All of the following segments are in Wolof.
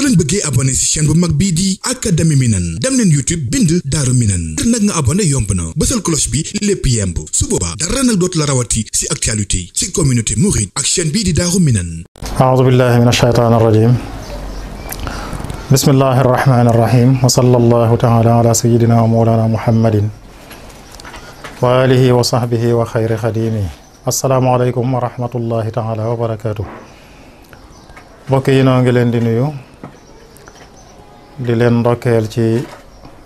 soo leen bëggee abonné ci chaîne bu mag bii di académie Minane dem leen YouTube bind Daaru Minane ngir nag nga abonné yomb na bësal cloche bi lépp yemb su boobaa dara nag dootu la rawati ci actualité ci communauté mouride ak chaîne bii di Daaru Minane a'uuzu billahi mina shaytaani rajiim bismillahi rahmaani rahiim wa sallallahu taala ala sayyidina wa mawlana muhammadin wa alihi wa sahbihi wa xayri xadimi asalaamaaleykum wa rahmatullahi taala wa barakaatu mbokk yi noo ngi leen di nuyu di leen ndokkeel ci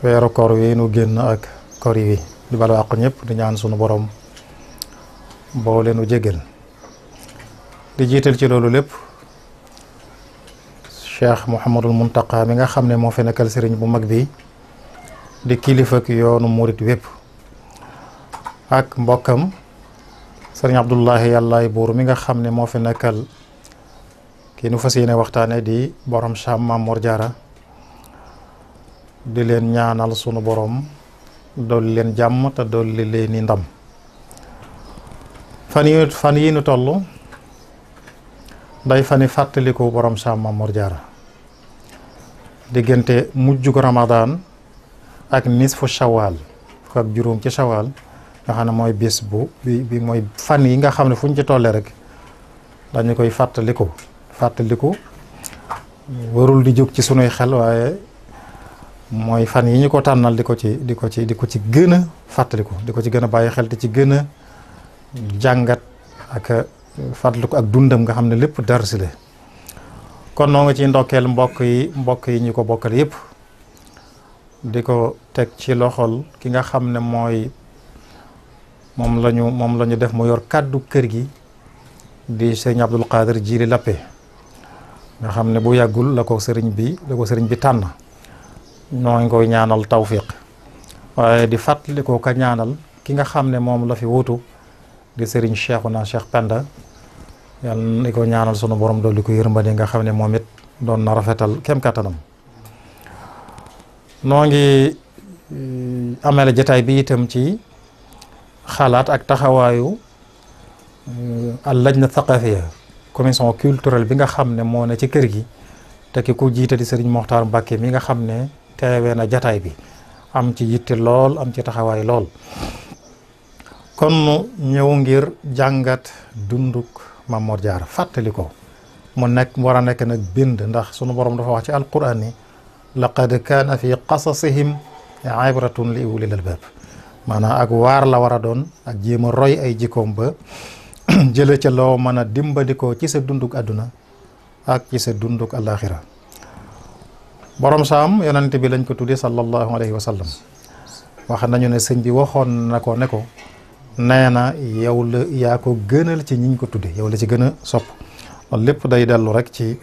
weeru kor wi nu génn ak kor yi di bala àq di ñaan sunu boroom boo leenu jégal di jiital ci loolu lépp cheikh Mouhamadul Muntaqa mi nga xam ne moo fi nekkal sëriñ bu mag bi di kilifa ak yoonu murit wépp ak mbokkam sëriñ Abdullahi yàllaay buur mi nga xam ne moo fi nekkal ki nu fas yéene waxtaane di boroom shammam Mame Mor Diarra di leen ñaanal sunu boroom dolli leen jàmm te dolli leen i ndam fan yi fan yi ñu toll day fani fàttaliku borom Sam Mamour Diarra diggante mujjug Ramadan ak nisfu Shawal fukk ak juróom ci Shawal nga xam ne mooy bis bu bi mooy fan yi nga xam ne fu ñu ci tolle rek dañu koy fàttaliku fàttaliku warul di jóg ci sunuy xel waaye. mooy fan yi ñu ko tànnal di ko ci di ko ci di ko ci gën a fàttaliku di ko ci gën a bàyyi xel te ci gën a jàngat ak uh, fàttaliku ak dundam nga xam ne lépp darsi la kon noo ngi ci ndokkeel mbokk yi mbokk yi ñu ko bokkal yëpp di ko teg ci loxol ki nga xam ne mooy moom lañu moom la def mu yor kàddu kër gi di sëriñ Abdul Qadir Jili Lappe nga xam ne bu yàggul la ko sëriñ bi la ko sëriñ bi tànn noo ngi koy ñaanal tawfiq waaye di fàttali ko ka ñaanal ki nga xam ne moom la fi wutu di sëriñ Cheikhouna Cheikh Penda yàlla na ko ñaanal sunu borom dool di ko yërmande nga xam ne moom it doon na rafetal kem kattanam noo ngi eh, amele jataay bi itam ci xalaat ak taxawaayu eh, al lajna thaqafiya commission culturelle bi nga xam ne moo ne ci kër gi te ki ku jiite di sëriñ Moxtaar Mbàkke mi nga xam ne teewee na jataay bi am ci yitte lool am ci taxawaay lool kon ñëw ngir jàngat dunduk Mame Mor Diarra fàttali ko mu nekk war a nekk nag bind ndax sunu borom dafa wax ci alquran ni laqad kaana fi qasasihim ibratun li ulil albab maanaam ak waar la war a doon ak jéem a roy ay jikkoom ba jële ca loo mën a dimbandikoo ci sa dunduk àdduna ak ci sa dunduk àllaaxira borom saam yonante bi lañ ko tuddee sallallahu alayhi wa sallam wax nañu ne sëñ bi waxoon na ko ne ko nee na yow la yaa ko gënal ci ñiñ ko tuddee yow la ci gën a sopp loolu lépp day dellu rek ci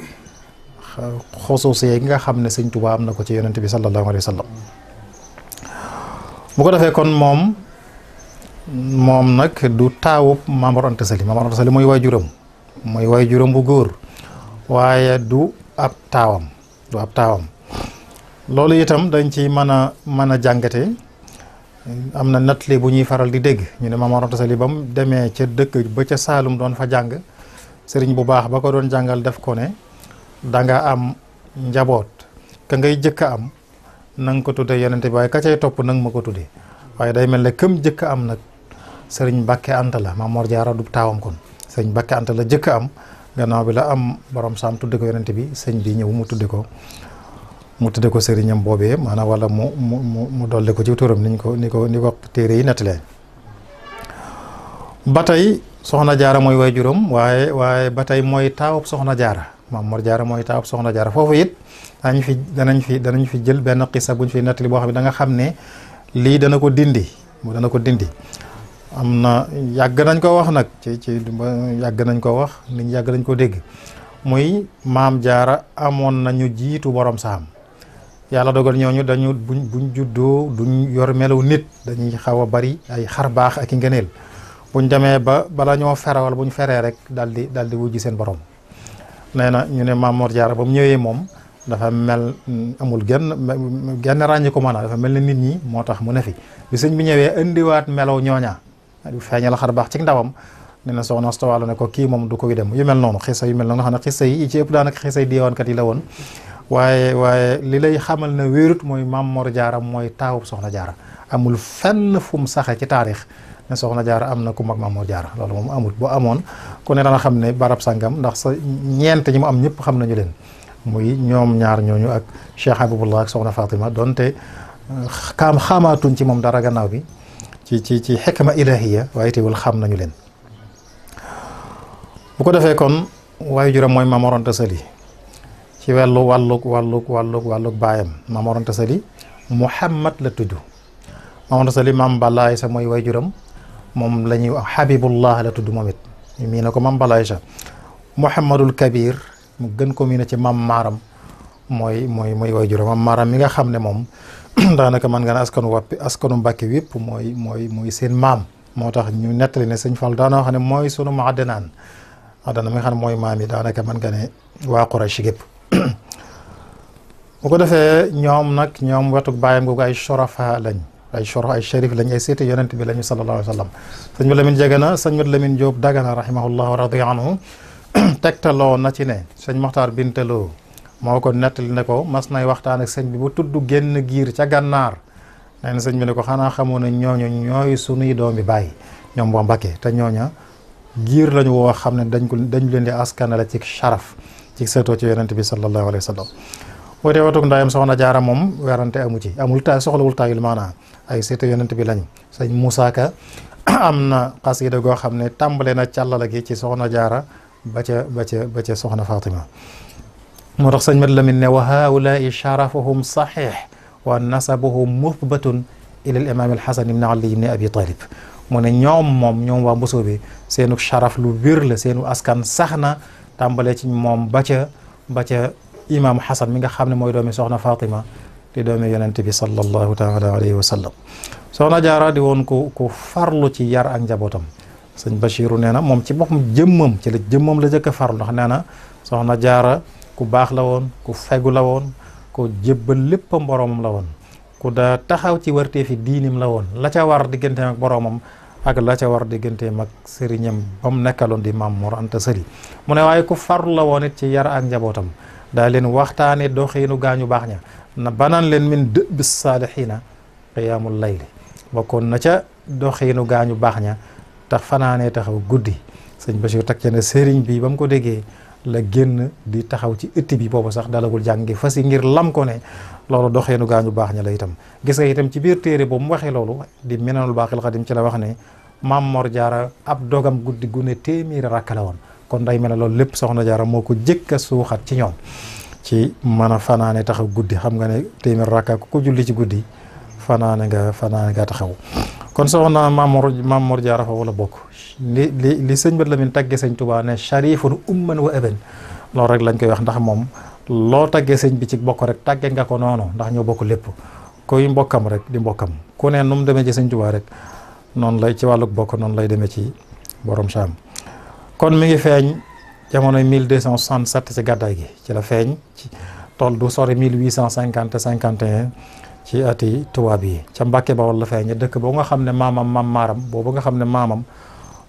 xusuus yi nga xam ne sëñ Tuubaa am na ko ci yonante bi sallallahu alayhi wa bu ko defee kon moom moom nag du taawub Maam Mor Anta Sali mooy waay juróom mooy waajuram mooy bu góor waaye du ab taawam du ab taawam loolu itam dañ ci mën a mën a jàngate am na nattali bu ñuy faral di dégg ñu ne Maam ba mu demee ca dëkk ba ca Saalum doon fa jàng sëriñ bu baax ba ko doon jàngal def ko ne da am njaboot ka ngay jëkk am na ko tuddee yonente bi waaye ka topp nang ma ko tuddee waaye day mel ne këm jëkk am nag sëriñ Mbàkke Anta la Maam Mor du taawam kon sëriñ Mbàkke Anta la jëkk am gannaaw bi la am borom saam tudde bi sëñ bi ñëw mu tudde ko mu tudde ko sëriñam boobee maanaam wala mu mu mu mu dolli ko ci turam niñ ko ni ko ni ko téere yi nettalee ba tey soxna jaara mooy way juróom waaye waaye ba tey mooy taawub soxna jaara maam Mor jaara mooy taawub soxna jaara foofu it danañ fi danañ fi fi jël benn xisa buñ fi nettali boo xam ne da xam ne lii dana ko dindi mu dana ko dindi am na yàgg nañ ko wax nag ci ci yàgg nañ ko wax nit yàgg nañ ko dégg muy maam jaara amoon nañu jiitu borom saam yàlla dogal ñooñu dañu buñ buñ juddoo duñ yor melaw nit dañuy xaw a bari ay xar baax ak i ngëneel buñ demee ba bala ñoo ferawal buñ feree rek daal di daal di wujji seen borom nee na ñu ne Maam Mor Jaara ba mu ñëwee moom dafa mel amul genn genn ràññi ko maanaam dafa mel ne nit ñi moo tax mu ne fi bi sëñ bi ñëwee indiwaat melaw ñooñaa di feeñal xar baax ci ndawam ne na soxna Asta ne ko kii moom du koy dem yu mel noonu xisa yu mel noonu nga xam ne xisa yi ci ëpp daanaka xisa yi diiwaankat yi la woon waaye waaye li lay xamal ne wéerut mooy maamoor Mor Jaara mooy taawub Soxna Jaara amul fenn fu mu saxe ci taarix ne Soxna Jaara am na ku mag Maam Mor Jaara loolu moom amul boo amoon ku ne dana xam ne barab sàngam ndax sa ñeent ñi mu am ñëpp xam nañu leen muy ñoom ñaar ñooñu ak Cheikh Habibullah ak Soxna Fatima donte euh, kaam xamaatuñ ci moom dara gannaaw bi ci ci ci xikma ilahiya waaye teewul xam nañu leen bu ko defee kon waaye juróom mooy Maam ci wàllu wàllug wàllug wàllug wàllug baayam maam Mor Anta Sali Muhammad la tudd maam Mor Anta Sali maam Balla Aysa mooy waajuram moom lañuy wax Habibullah la tudd moom it na ko maam Balla Aysa Muhammadul Kabir mu gën ko mii ci maam Maaram mooy mooy mooy waajuram maam Maaram mi nga xam ne moom daanaka man nga ne askanu wàppi askanu Mbàkke wépp mooy mooy mooy seen maam moo tax ñu nettali ne sëñ Fall daana wax mooy sunu ma àddanaan àddana mi nga xam daanaka mën nga ne waa Quraysh gépp bu ko defee ñoom nag ñoom wetuk bàyyam googu ay shorafa lañ ay shorof ay sharif lañ ay seeti yonent bi lañu sallallahu alayhi wa sallam sëñ Mor Lamine Jagana sëñ Mor Lamine Diop Dagana rahimahullah wa radiya anhu tegtaloo na ci ne sëñ Moxtaar Bintaloo moo ko nettali ne ko mas nay waxtaan ak sëñ bi bu tudd génn giir ca gànnaar nee na sëñ bi ne ko xanaa xamoon ne ñooñu ñooy sunuy doom bi bàyyi ñoom boo mbakkee te ñooña giir lañu woo xam ne dañ ko dañ leen di la ci sharaf ci seetoo ci yonent bi sallallahu alayhi wa sallam boo dee watug ndaayam soxna jaara moom werante amu ci amul ta soxlawul taayul maanaam ay seeta yonent bi lañ sëñ Moussa Ka am na xasida goo xam ne tàmbale na càllala gi ci soxna jaara ba ca ba ca ba soxna Fatima moo tax sañ Mad Lamin ne wa haulaai sharafuhum saxiix wa nasabuhum muthbatun ila al imam alxasan ibni ali ibni abi talib mu ne ñoom moom ñoom waa mbosoo bi seenu sharaf lu wér la seenu askan sax na tàmbale ci moom ba ca ba imaamu xasan mi nga xam ne mooy doomi soxna fatima di doomi yonent bi sallallahu taala alayhi wa sallam soxna jaara di woon ku ku farlu ci yar ak njabootam sëñ Bachiru nee na moom ci boppam jëmmam ci la jëmmam la jëkk a farlu ndax nee na soxna jaara ku baax la woon ku fegu la woon ku jébbal léppam boroomam la woon ku daa taxaw ci wartee fi diinim la woon la ca war digganteem ak boroomam ak la ca war digganteem ak sëriñam ba mu nekkaloon di Maam Mor Anta Sali ak njabootam daal leen waxtaane doxiinu gaañu baax ña na banaan leen min dëbbi saalixiina qiyaamul layli bokkoon na ca doxiinu gaañu baax ña tax fanaanee taxaw guddi sëñ Bachir teg ca ne sëriñ bi ba mu ko déggee la génn di taxaw ci ëtt bi boobu sax dalagul jàngi fas yi ngir lam ko ne loolu doxeenu gaañu baax ña la itam gis nga itam ci biir téere boobu mu waxee loolu di menanul baaxil xadim ci la wax ne Maam Mor Jaara ab dogam guddi gu ne téeméeri rakkale woon kon day mel ne loolu lépp soxna Jaara moo ko jëkk a suuxat ci ñoom ci mën a fanaane taxaw guddi xam nga ne téeméer rakka ku ko julli ci guddi fanaane nga fanaane nga taxaw kon soxna Mamour Mamour Jaara fa wala bokk li li li sëñ Bada Lamin tagge sëñ Tuubaa ne sharifun umman wa aban loolu rek lañ koy wax ndax moom loo taggee sëñ bi ci bokk rek tàggee nga ko noonu ndax ñëw bokk lépp kuy mbokkam rek di mbokkam ku ne nu mu demee ci sëñ Tuubaa rek noonu lay ci wàlluk bokk noonu lay demee ci borom saam kon mi ngi feeñ jamono mille cent jamonoy 1267 ci gàddaay gi ci la feeñ ci tool du sori 1850 51 ci ati tubaab yi ca Mbàkke Bawol la feeñe dëkk boo nga xam ne maamam mam maaram boobu nga xam ne maamam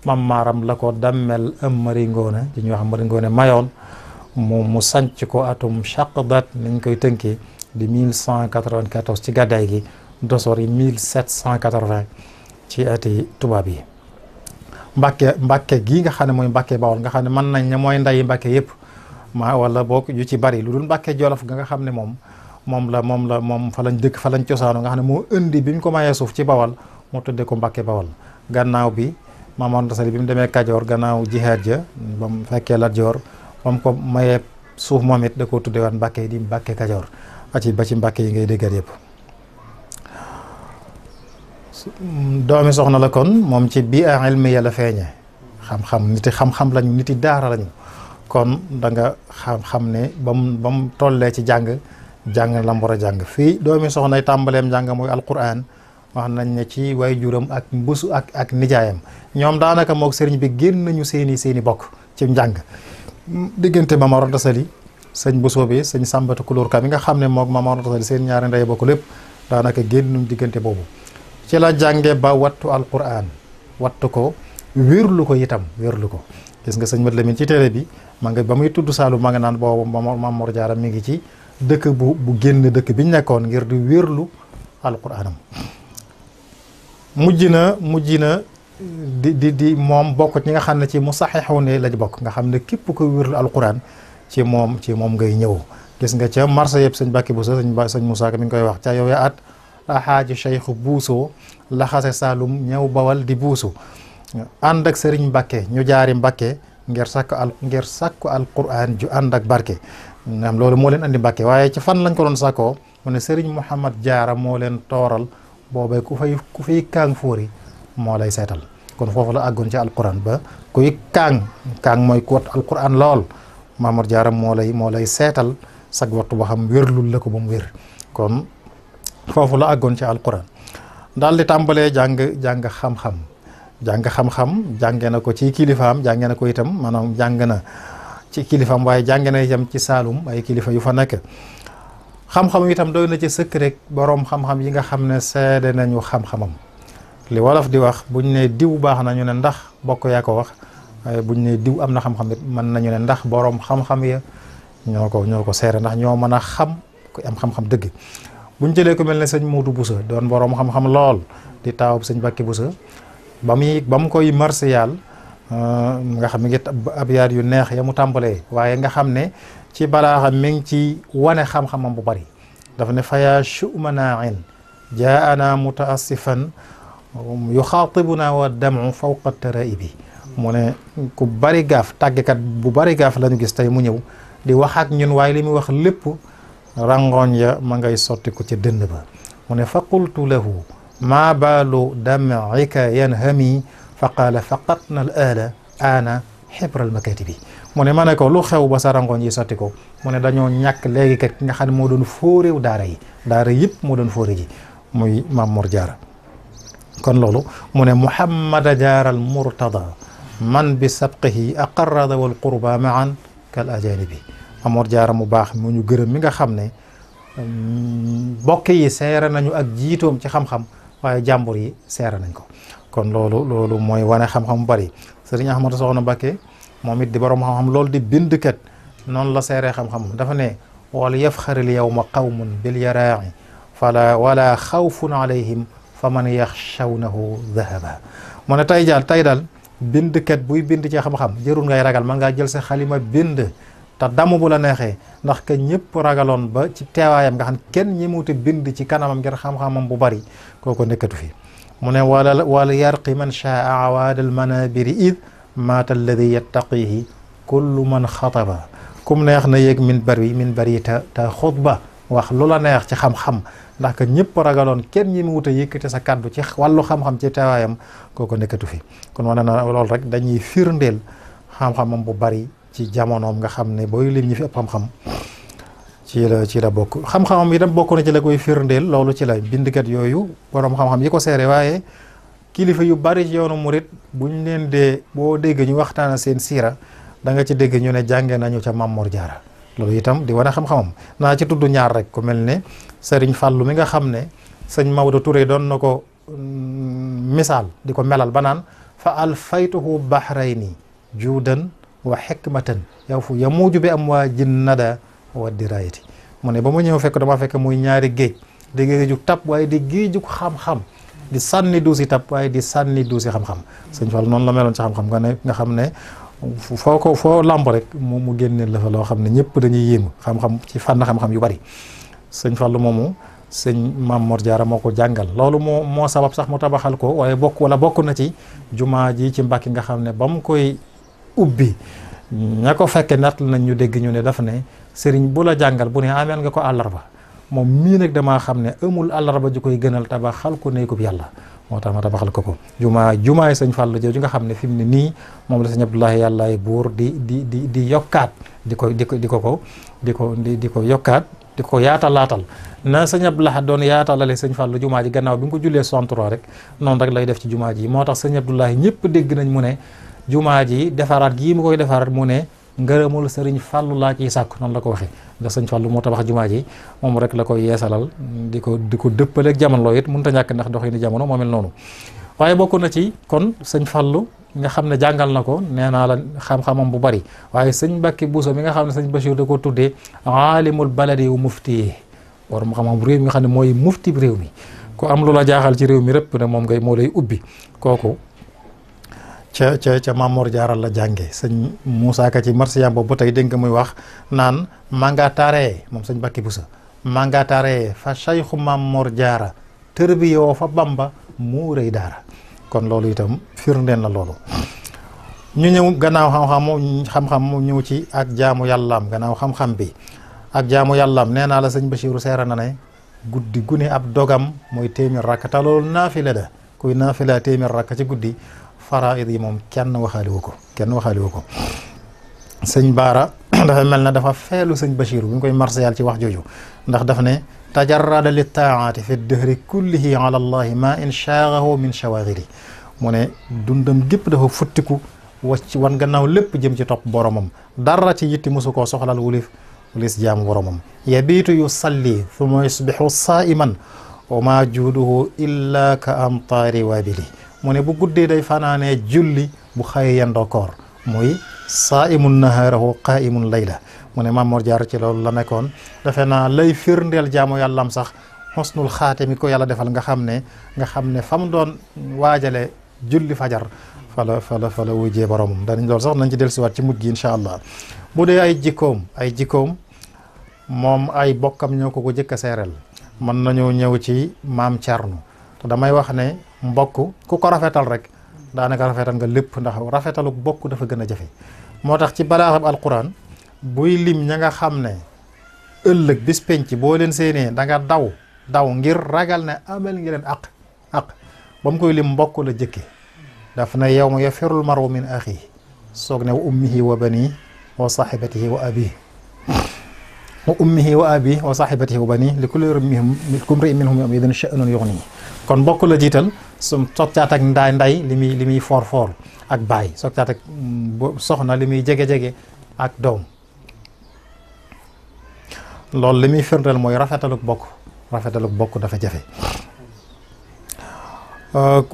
mam maaram la ko dammel mari ngoone di ñuy mari ngoone mayoon mu mu sanc ko atum chaqdat niñ koy tënkee di 1194 ci gàddaay gi dosor yi 1780 ci ati tubaab yi mbàkke mbakke gii nga xam ne mooy mbàkke bawol nga xam ne man nañ ne mooy ndayi mbàkke yëpp ma wala boo yu ci bari lu dul mbakke jolof nga nga xam ne moom moom la moom la moom fa lañ dëkk fa lañ cosaano nga xam ne moo indi bi ñu ko mayee suuf ci bawal moo tuddee ko mbàkke bawal gannaaw bi ma Mor Anta Sali bi mu demee Kajoor gannaaw jihaad ja ba mu fekkee Lat Joor ba mu ko mayee suuf moom it da koo tuddewaat mbàkke yi di mbàkke Kajoor aci ba ci mbàkke yi ngay déggat yëpp doomi soxna la kon moom ci biir a ilmiya la feeñe xam-xam niti xam-xam lañu niti daara lañu kon danga nga xam-xam ne ba mu ba mu tollee ci jàng jàng la war a jàng fii doomi soxna tàmbaleem jàng mooy alquran wax nañ ne ci way juram ak mbusu ak ak nijaayam ñoom daanaka moog sëriñ bi génn nañu seeni seeni bokk ci njàng diggante ba ma Sali sëñ Bousso bi sëñ Sàmbata Kulóor Ka mi nga xam ne moog ma Anta Sali seen ñaari ndey bokk lépp daanaka génn nañu diggante boobu ci la jànge ba wattu alquran wattu ko wérlu ko itam wérlu ko gis nga sëñ Mat Lamin ci télé bi ma nga ba muy tudd Saalum ma nga naan boobu Maam Mor Jaara mi ngi ci dëkk bu bu génn dëkk bi ñu nekkoon ngir di wérlu alquranam mujj na mujj na di di di moom bokk ci nga xam ne ci mu saxexaw ne lañ bokk nga xam ne képp ko wérlu alquran ci moom ci moom ngay ñëw gis nga ca marché yëpp sëñ Bàkki bu sa sëñ Moussa Ka mi ngi koy wax ca yow ya at alxaaji cheikhu buuso laxase saalum ñëw bawal di buusu ànd ak sëriñ Mbàkke ñu jaari mbakke ngir sàkku al ngir sàkku alquran ju ànd ak barke naam loolu moo leen andi Mbàkke waaye ci fan lañ ko doon sàkkoo mu ne sëriñ Mouhamad Jaara moo leen tooral boobay ku fay ku fay kaang fóori moo lay seetal kon foofu la àggoon ci alquran ba kuy kaang kaang mooy ku wat alquran lool Maamar Jaara moo lay moo lay seetal sag wattu ba xam wérlul la ko ba mu wér foofu la àggoon ci alquran daal di tàmbalee jàng jàng xam-xam jàng xam-xam jànge na ko ci kilifaam jànge na ko itam maanaam jàng na ci kilifaam waaye jànge na itam ci saalum ay kilifa yu fa nekk xam-xam itam doy na ci sëkk boroom xam yi nga xam ne seede nañu xam-xamam li wolof di wax buñ ne diw baax nañu ne ndax bokk yaa ko wax waaye buñ ne diw am na xam-xam mën nañu ne ndax boroom xam-xam ya ñoo ko ñoo ko seere ndax ñoo mën a xam ku am xam-xam dëgg buñ jëlee ko mel ne sëñ Muudu Busa doon boroom xam-xam lool di taawub sëñ Bakki Busa ba muy ba mu koy marsiyaal euh, nga xam mi ngi abyaat yu neex ya mu tàmbalee waaye nga xam ne ci balaaxam mi ngi ci wane xam-xamam bu bari dafa ne fayaa chumanain jaa ana mutaassifan yuxaatibuna wa damu fawqa bi mu ne ku bari gaaf tàggikat bu bari gaaf la ñu gis tey mu ñëw di wax ak ñun waaye li muy wax lépp rangoon ya ma ngay sotti ca dënn ba mu ne fa qultu lahu ma baalu dam'ika yanhami fa qaala faqatna al aala ana xibral makati bi mu ne ma ne ko lu xew ba sa rangoon yi sotti ko mu ne dañoo ñàkk léegi kat ki nga xam ne moo doon fóoréew daara yi daara yëpp moo doon fóoré ji muy Mamour Diarra kon loolu mu ne Muhammada Diarra al Murtada man bi sabqihi aqarrada wal qurba maan kal ajanibi Amor Diarra mu baax mu ñu gërëm mi nga xam ne mbokk yi seere nañu ak jiitoom ci xam-xam waaye jàmbur yi seere nañ ko kon loolu loolu mooy wane xam-xam bu bari sëriñ Ahmadu Soxna Mbakke moom it di borom xam-xam loolu di bindkat noonu la seeree xam-xam dafa ne wala yafxaril yawma qawmun bil yaraa'i fala wala xawfun alayhim fa man yaxshawnahu dahaba moo ne tey daal tey daal bindkat buy bind ci xam-xam jërul ngay ragal man ngaa jël sa xalima bind te damu bu la neexee ndax que ñëpp ragaloon ba ci teewaayam nga xam kenn ñemewute bind ci kanamam ngir xam-xamam bu bari kooku tu fi mu ne wala wala yarqi man chaa awaadal manabiri id maata alladi yattaqihi kullu man xataba kum neex na yéeg min bari min bari ta te xutba wax lu la neex ci xam-xam ndax que ñëpp ragaloon kenn ñi mu wut sa kaddu ci wàllu xam-xam ci teewaayam kooku nekkatu fi kon wane na loolu rek dañuy firndeel xam-xamam bu bari ci jamonoom nga xam ne booy lim ñi fi ëpp xam-xam ci la ci la bokk xam-xamam itam bokk na ci la koy firndeel loolu ci la bindkat yooyu borom xam-xam yi ko seere waaye kilifa yu bari ci yoonu murit buñ leen dee boo dégg ñu waxtaana seen siira danga ci dégg ñu ne jànge nañu ca Mamor Jaara loolu itam di wane xam-xamam naa ci tudd ñaar rek ku mel ne Serigne fàllu mi nga xam ne sëñ Maodo ture doon na ko mm, misaal di ko melal ba naan fa alfaytuhu bahrayni juudan xekk wa hikmatan yow fu yamuuju bi am waa jin nada wa dirayati mu ne ba ma ñëw fekk dama fekk muy ñaari géej di géejug tab waaye di géeju xam-xam di sànni duusi tab waaye di sànni duusi xam-xam sëñ Fall noonu la meloon ci xam-xam nga ne nga xam ne foo ko foo làmb rek moom mu génne la loo xam ne ñëpp dañuy yéemu xam-xam ci fànn xam-xam yu bari sëñ Fall moomu sëñ Maam Mor Jaara moo ko jàngal loolu moo moo sabab sax mu tabaxal ko waaye bokk wala bokk na ci jumaa ji ci Mbàkke nga xam ne ba mu koy ubbi ña ko fekke natt nañ ñu dégg ñu ne dafa ne sëriñ bu la jàngal bu ne ameel nga ko àllarba moom mii nag damaa xam ne amul àllarba ju koy gënal tabaxal ko néegub yàlla moo tax ma tabaxal ko ko jumaa jumaay sëñ Fàllu jooju nga xam ne fi mu ne nii moom la sëñ Abdoulahi yàllaay buur di di di di yokkaat di ko di di ko ko di ko di ko yokkaat di ko yaatalaatal na sëñ Abdoulahi doon yaatalale sëñ Fàllu jumaa ji gannaaw bi nga ko jullee 63 rek noonu rek lay def ci jumaa ji moo tax sëñ Abdoulahi ñëpp dégg nañ mu ne jumaa ji defaraat gii mu koy defaraat mu ne ngërëmul sëriñ fàllu laa ciy sàkk noonu la ko waxee ndax sëriñ fàllu moo tabax jumaa ji moom rek la koy yeesalal di ko di ko dëppaleeg jamono loo it mënut ta ñàkk ndax dox doxinu jamono moom mel noonu waaye bokk na ci kon sëñ fàllu nga xam ne jàngal na ko nee naa la xam-xamam bu bari waaye sëñ Mbàkke Buso mi nga xam ne sëñ Bachir da ko tuddee aalimul baladi wu mufti borom xam-xam réew mi nga xam ne mooy mufti réew mi ko am lu la jaaxal ci réew mi rëpp ne moom ngay moo lay ubbi kooku ca ca ca Jaaral la jànge sañ Moussa Ka ci marsiyam boobu ba tey dégg nga muy wax naan manga taaree moom sañ Bakki Busa manga taaree fa sayxu Mamor Jaara tërbiyoo fa Bamba mu rëy daara kon loolu itam firndeen la loolu ñu ñëw gannaaw xam-xam xam mu ñëw ci ak jaamu yàllaam gannaaw xam-xam bi ak jaamu yàllaam nee naa la sëñ Bachirou seera na ne guddi gune ab dogam mooy téeméer rakk naafi loolu naafila da kuy naafila téeméer rakk ci guddi faraid yi moom kenn waxaale wu ko kenn waxaale wu ko sëñ Baara dafa mel na dafa feelu sëñ Bachir bu ñu koy marsayal ci wax jooju ndax daf ne tajarrada li taaati fi dëhri kullihi ala allahi ma in chaagahu min chawaagiri mu ne dundam gépp dafa futtiku wacc wan gannaaw lépp jëm ci topp boromam dara ci yitti mosu koo soxlal wulif wulis jaamu boromam yabiitu yusalli thumma yusbixu saaiman wa ma juuduhu illa ka amtaari waabili mu ne bu guddee day fanaanee julli bu xëyee yendoo koor muy saa imun nahaarahu qaa imun layla mu ne Mamor jaar ci loolu la nekkoon defe naa lay firndeel jaamu yàllam sax xosnul xaate mi ko yàlla defal nga xam ne nga xam ne fa mu doon waajale julli fajar fa fala fala fala wujjee boromam danañ loolu sax nañ ci dellusiwaat ci mujj gi incha allah bu dee ay jikkoom ay jikkoom moom ay bokkam ñëw ko ko jëkk a seereel mën nañoo ñëw ci maam Thierno te mbokk ku ko rafetal rek daanaka rafetal nga lépp ndax rafetalu bokk dafa gën a jafe moo tax ci balaaxab alquran buy lim ña nga xam ne ëllëg bis penc boo leen séenee da daw daw ngir ragal ne amal ngi leen àq aq ba mu koy lim mbokk la jëkke daf na yow ma mar maru min axihi soog ne wa ummihi wa bani wa sahibatihi wa abi wa ummihi wa abi wa sahibatihi wa bani li kulli imri'in minhum yawma idin kon mbokk la jiital su soccaat ak ndaay nday li muy li foor foor ak baay soccaat ak soxna li muy jege jege ak doom loolu li muy firndeel mooy rafetaluk bokk rafetaluk bokk dafa jafe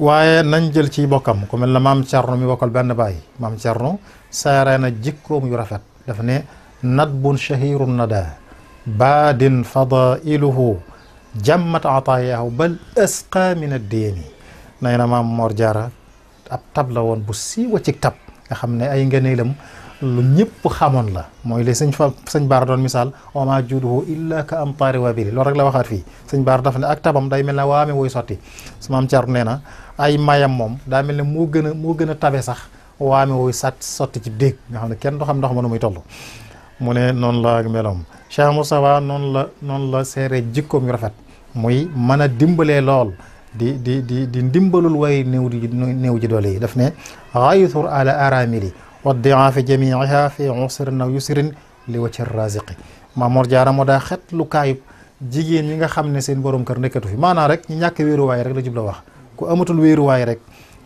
waaye nañ jël ci bokkam ku mel na maam Cerno mi bokkal benn baay maam Cerno saaree na jikkoom yu rafet dafa ne nadbun shahirun nada baadin fadailuhu jàmmat ataayaahu bal asqa min addeeni nee na maam Mor Jaara ab tab la woon bu siiwa ci tab nga xam ne ay ngëneelam lu ñëpp xamoon la mooy li sëñ fa sëñ Baar doon misaal wa maa juduhu illa ka amtaari wabili loolu rek la waxaat fii sëñ Baar daf ne ak tabam day mel ne waame wuy sotti su maam Thierno na ay mayam moom daa mel ne moo gën a moo gën a tabe sax waame wuy sàtt sotti ci déeg nga xam ne kenn du xam ndox ma nu muy toll mu ne noonu la ak meloom Cheikh Moustapha noonu la noonu la seere jikkoom yu rafet muy mën a dimbalee lool di di di di ndimbalul way néew ji néew ji doole yi daf ne xaytur ala aramili wa diafi jamiiha fi usrin aw yusrin li wacci raziqi Maamoor Jaara moo daa xet lu jigéen ñi nga xam ne seen borom kër nekkatu fi maanaam rek ñu ñàkk wéeruwaay rek la jubla wax ku amatul wéeruwaay rek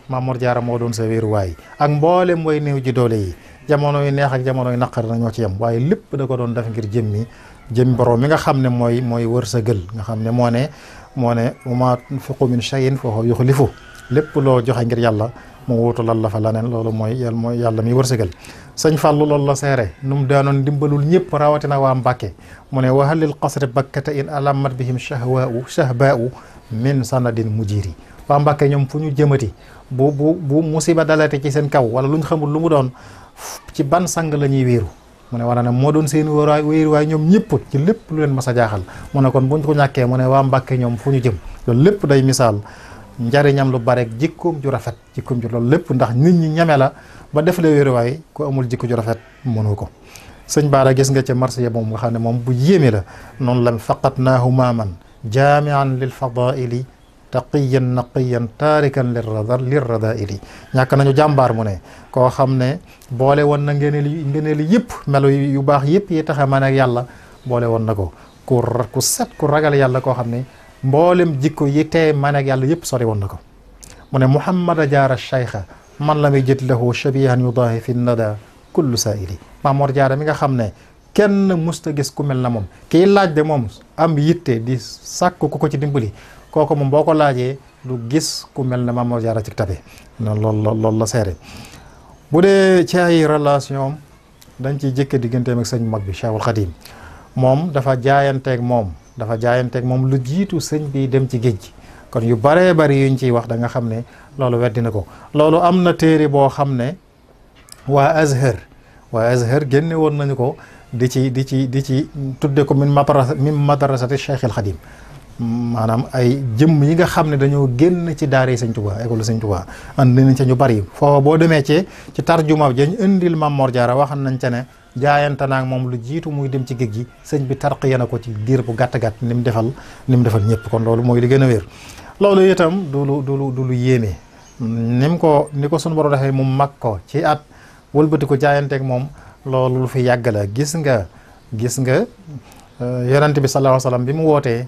Maamoor Jaara moo doon sa wéeruwaay ak mboolem way new ji doole yi jamono yu neex ak jamono yu naqar na ñoo ci yem waaye lépp da ko doon def ngir jëmmi jëm borom mi nga xam ne mooy mooy wërsëgal nga xam ne moo ne moo ne wa maa tunfiqu min shay'in fa huwa yuxlifu lépp loo joxe ngir yàlla mu wuutu lan la fa leneen loolu mooy yàlla mooy yàlla mi wërsëgal sëñ Fallou loolu la seere nu mu daanoon dimbalul ñëpp rawatina waa Mbàkke mu ne wa halil qasri bakkata in alamat bihim shahwaau shahbaau min sanadin mujiri waa Mbàkke ñoom fu ñu jëmati bu bu bu musiba dalate ci seen kaw wala lu ñu xamul lu mu doon ci ban sàng la ñuy wéeru mu ne wane ne moo doon seen wéeruwaay wéeruwaay ñoom ñëpp ci lépp lu leen mas a jaaxal mu ne kon buñ ko ñàkkee mu ne waa Mbàkke ñoom fu ñu jëm loolu lépp day misaal njariñam lu bare ak ju rafet jikkoom ju loolu lépp ndax nit ñi ñeme la ba def la wéeruwaay ku amul jikko ju rafet mënu ko sëñ Baara gis nga ca ya moom nga xam ne moom bu yéeme la noonu lam faqat naahu maaman jaamian lil fadaili taqiyan naqiyan taarikan lirrada lirradaili ñàkk nañu jàmbaar mu ne koo xam ne boole woon na ngeneel ngeneel yëpp melo yu baax yëpp yi tax a mën ak yàlla boole woon na ko ku ku set ku ragal yàlla koo xam ne mboolem jikko yi tee mën ak yàlla yëpp sori woon na ko mu ne muhammada jaara cheikha man la muy jët lahu shabihan yudahi fi nada kullu saili Maamoor Jaara mi nga xam ne kenn musta gis ku mel na moom kii laaj de moom am yitte di sàkk ko ko ci dimbali kooku moom boo ko laajee lu gis ku mel ne ma Mor Jaara ci tabe noonu loolu loolu la seere bu dee ci ay relation dañ ciy jëkke digganteem ak sëñ mag bi Cheikhul Khadim moom dafa jaayanteeg moom dafa jaayanteeg moom lu jiitu sëñ bi dem ci géej gi kon yu baree bari yuñ ciy wax danga xam ne loolu weddi na ko loolu am na téere boo xam ne waa Azhar waaye Azhar génne woon nañu ko di ci di ci di ci tudde ko min madrasati Cheikhul Khadim maanaam ay jëmm yi nga xam ne dañoo génn ci daara yi Sëñ Tuubaa école Sëñ Tuubaa and nañ ca ñu bari foofa boo demee ci ci tarjuma jañ indil Maam Mor Jaara wax nañ ca ne jaayante naag moom lu jiitu muy dem ci géej gi sañ bi tarqiya na ko ci diir bu gàtt gàtt ni mu defal ni mu defal ñëpp kon loolu mooy li gën a wér. loolu itam du lu du lu yéeme ni ko ni ko sunu borom defee mu mag ko ci at wëlbati ko jaayanteeg moom loolu lu fi yàgg la gis nga gis nga euh, yonent bi sallallahu bi mu wootee.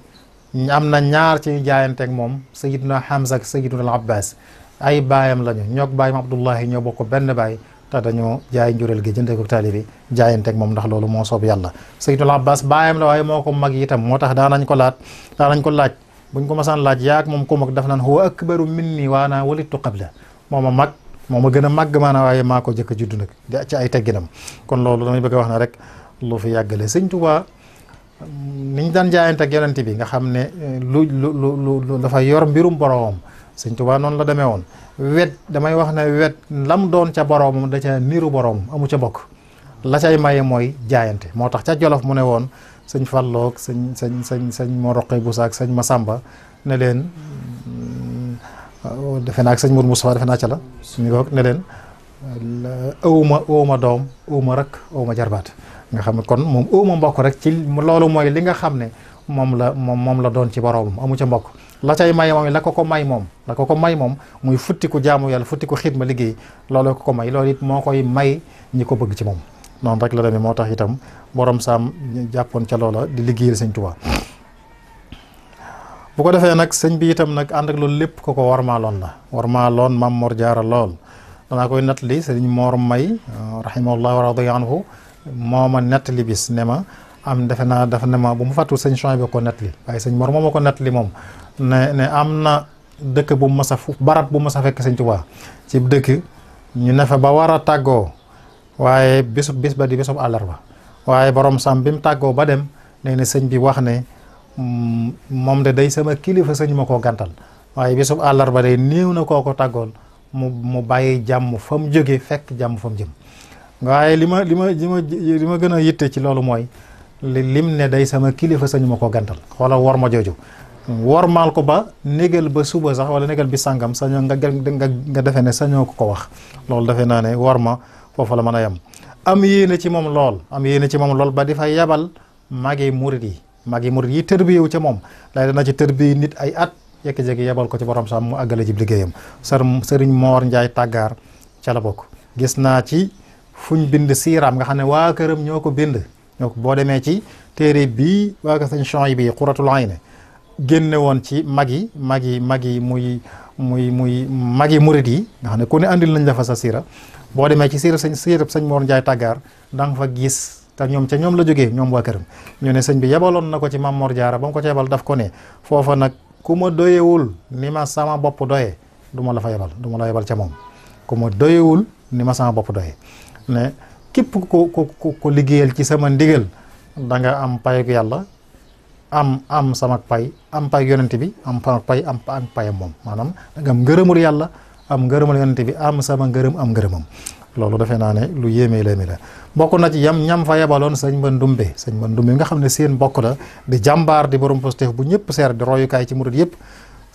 am na ñaar ci jaayanteeg moom sayiduna Hamza ak sayiduna al Abbas ay baayam lañu ñoog baayam Abdullahi ñoo bokk benn baay te dañoo jaay njureel gi jëndee ko taali bi jaayanteeg moom ndax loolu moo soob yàlla sayiduna al Abbas baayam la waaye moo ko mag itam moo tax daanañ ko laat daanañ ko laaj buñ ko masaan laaj yaag moom ko mag daf naan huwa akbaru minni waa naa walittu qabla moo ma mag moo ma gën a màgg maanaam waaye maa ko jëkk a judd nag ci ay tegginam kon loolu damay bëgg wax na rek lu fi yàggale sëñ Tuubaa niñ daan jaayante ak yonent bi nga xam ne eh, lu lu lu lu dafa yor mbirum boroomam sëñ Tuubaa noonu la demee woon wet damay wax ne wet lam doon ca boroomam da ca niiru boroom amu ca bokk la cay maye mooy jaayante moo tax ca Jolof mu ne woon sëñ Fallou ak sëñ sëñ sëñ sëñ moo roqee bu saak sëñ Masamba ne leen mm, defe naa ak sëñ Mourou Moustapha defe naa ca la suñu ko ne leen awuma awuma doom awuma rek awuma jarbaat nga xam ne kon moom uma mbokk rek ci loolu mooy li nga xam ne moom la moom moom la doon ci boroomam amu ca mbokk la cay may moom la ko ko may moom la ko ko may moom muy futti ku jaamu yàlla futti ku xidma liggéey loolu ko ko may loolu it moo koy may ñi ko bëgg ci moom noonu rek la demee moo tax itam borom saam jàppoon ca loola di liggéeyal sëñ Tuubaa bu ko defee nag sëñ bi itam nag ànd ak loolu lépp ko ko warmaaloon la warmaaloon Maam Mor Jaara lool danaa koy natt li sëñ Mor May rahimahullah wa radiya anhu moom ma nettali bis ne ma am defe naa dafa ne ma bu mu fàttu sëñ Chouaib bi ko nettali waaye sëñ Mor mooma ko nettali moom ne ne am na dëkk bu mu mas a bu mu a fekk sëñ Tuubaa ci dëkk ñu ne ba war a tàggoo waaye bisub bis ba di bisub àllarba waaye borom sam bi mu tàggoo ba dem nee na sëñ bi wax ne mm, moom de day sama kilifa sëñ ma koo gàntal waaye bisub àllarba day néew na koo ko tàggoon mu mu bàyyi jàmm fa mu jóge fekk jàmm fa mu jëm waaye li ma li ma li ma li ma gën a yitte ci loolu mooy li lim ne day sama kilifa sañu ma ko gantal xoolal wor ma jooju maal ko ba négal ba suba sax wala négal bi sàngam sañoo nga nga nga defe ne sañoo ko ko wax loolu defe naa ne wor ma foofu la mën a yem am yéene ci moom lool am yéene ci moom lool ba di fa yabal magi murit yi magi murit yi tërbiyewu ca moom lay dana ci tërbiye nit ay at yekki-jékki yebal ko ci borom sax mu àggale ci liggéeyam sër sëriñ Moor Njaay tàggaar ca la bokk gis naa ci fu ñu bind siiraam nga xam ne waa këram ñoo ko bind donc boo demee ci téere bii waa ko sëñ Chouaib bi Qurratul Ayni génne woon ci mag yi mag yi mag yi muy muy muy mag yi murit yi nga xam ne ku ne andil nañ la sa siira boo demee ci siira sëñ siirab sëñ Mor Ndiaye Tàggaar da fa gis te ñoom ca ñoom la jógee ñoom waa këram ñoo ne sëñ bi yebaloon na ko ci Maam Mor Jaara ba mu ko ci yebal daf ko ne foofa nag ku ma doyewul ni ma sama bopp doye du ma la fa yebal du ma la yebal ca moom ku ma doyewul ni ma sama bopp doyee ne képp ko ku ko liggéeyal ci sama ndigal da nga am payuk yàlla am am sama pay am pay yonent bi am sama pay am am payam moom maanaam da nga am ngërëmul yàlla am ngërëmal yonent bi am sama ngërëm am ngërëmam loolu defe naa ne lu yéeme mi la bokk na ci yam ñam fa yebaloon sëñ ba ndumbe sañ ba ndumbe nga xam ne seen mbokk la di jàmbaar di borom positif bu ñëpp seer di royukaay ci murit yëpp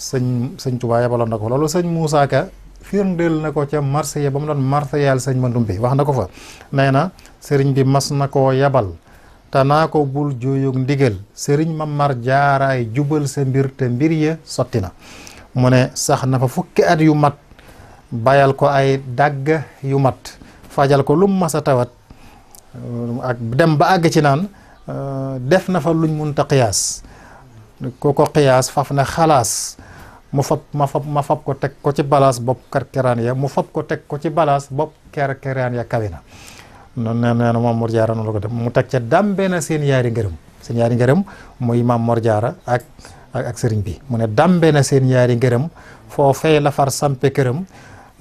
sañ sëñ Tuubaa yebaloon na ko loolu sëñ Moussa firndeel na ko ca marché ya ba mu doon sañ yàlla sëñ Mandumbe wax na ko fa nee na sëriñ bi mas na koo yabal te naa ko bul jooyog ndigal sëriñ ma mar jaaraay jubal sa mbir te mbir ya sotti na mu ne sax na fa fukki at yu mat bayal ko ay dagg yu mat fajal ko lum masa tawat ak dem ba àgg ci naan euh, def na fa luñ munta qiyaas ko ko qiyaas faf na xalaas mu fab ma fab ma fab ko teg ko ci balaas bopp kerkeraan ya mu fab ko teg ko ci balaas bopp kerkeraan ya kawe na noonu nee na moom Mor Diarra noonu la ko dem mu teg ca dàmbe na seen yaari ngërëm seen yaari ngërëm muy maam Mor Diarra ak ak sëriñ bi mu ne dàmbe na seen yaari ngërëm foo fay la far sampe këram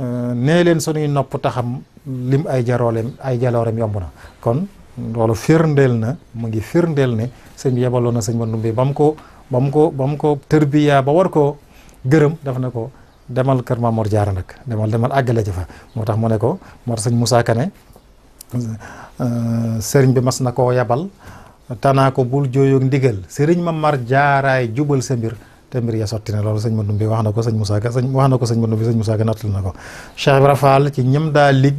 euh, nee leen sunuy nopp taxam lim ay jarooleem ay jaloorem yomb na kon loolu firndeel na mu ngi firndeel ne sëñ bi yebaloon na sëñ ba ndumbe ba mu ko ba mu ko ba mu ko tërbiyaa ba war ko gërëm dafa ne ko demal kër Maam Mor Jaara nag demal demal àggale ji fa moo tax mu ne ko moo tax sëñ Moussa Kane euh, sëriñ bi mas na koo yabal tanaa ko bul jooyoog ndigal sëriñ ma mar jaaraay jubal sa mbir te mbir ya sotti na loolu sëñ Mandum bi wax na ko sëñ Moussa Ka sëñ wax na ko sëñ Mandum bi sëñ Moussa Ka nattal na ko Cheikh Ibra Fall ci ñëm daa li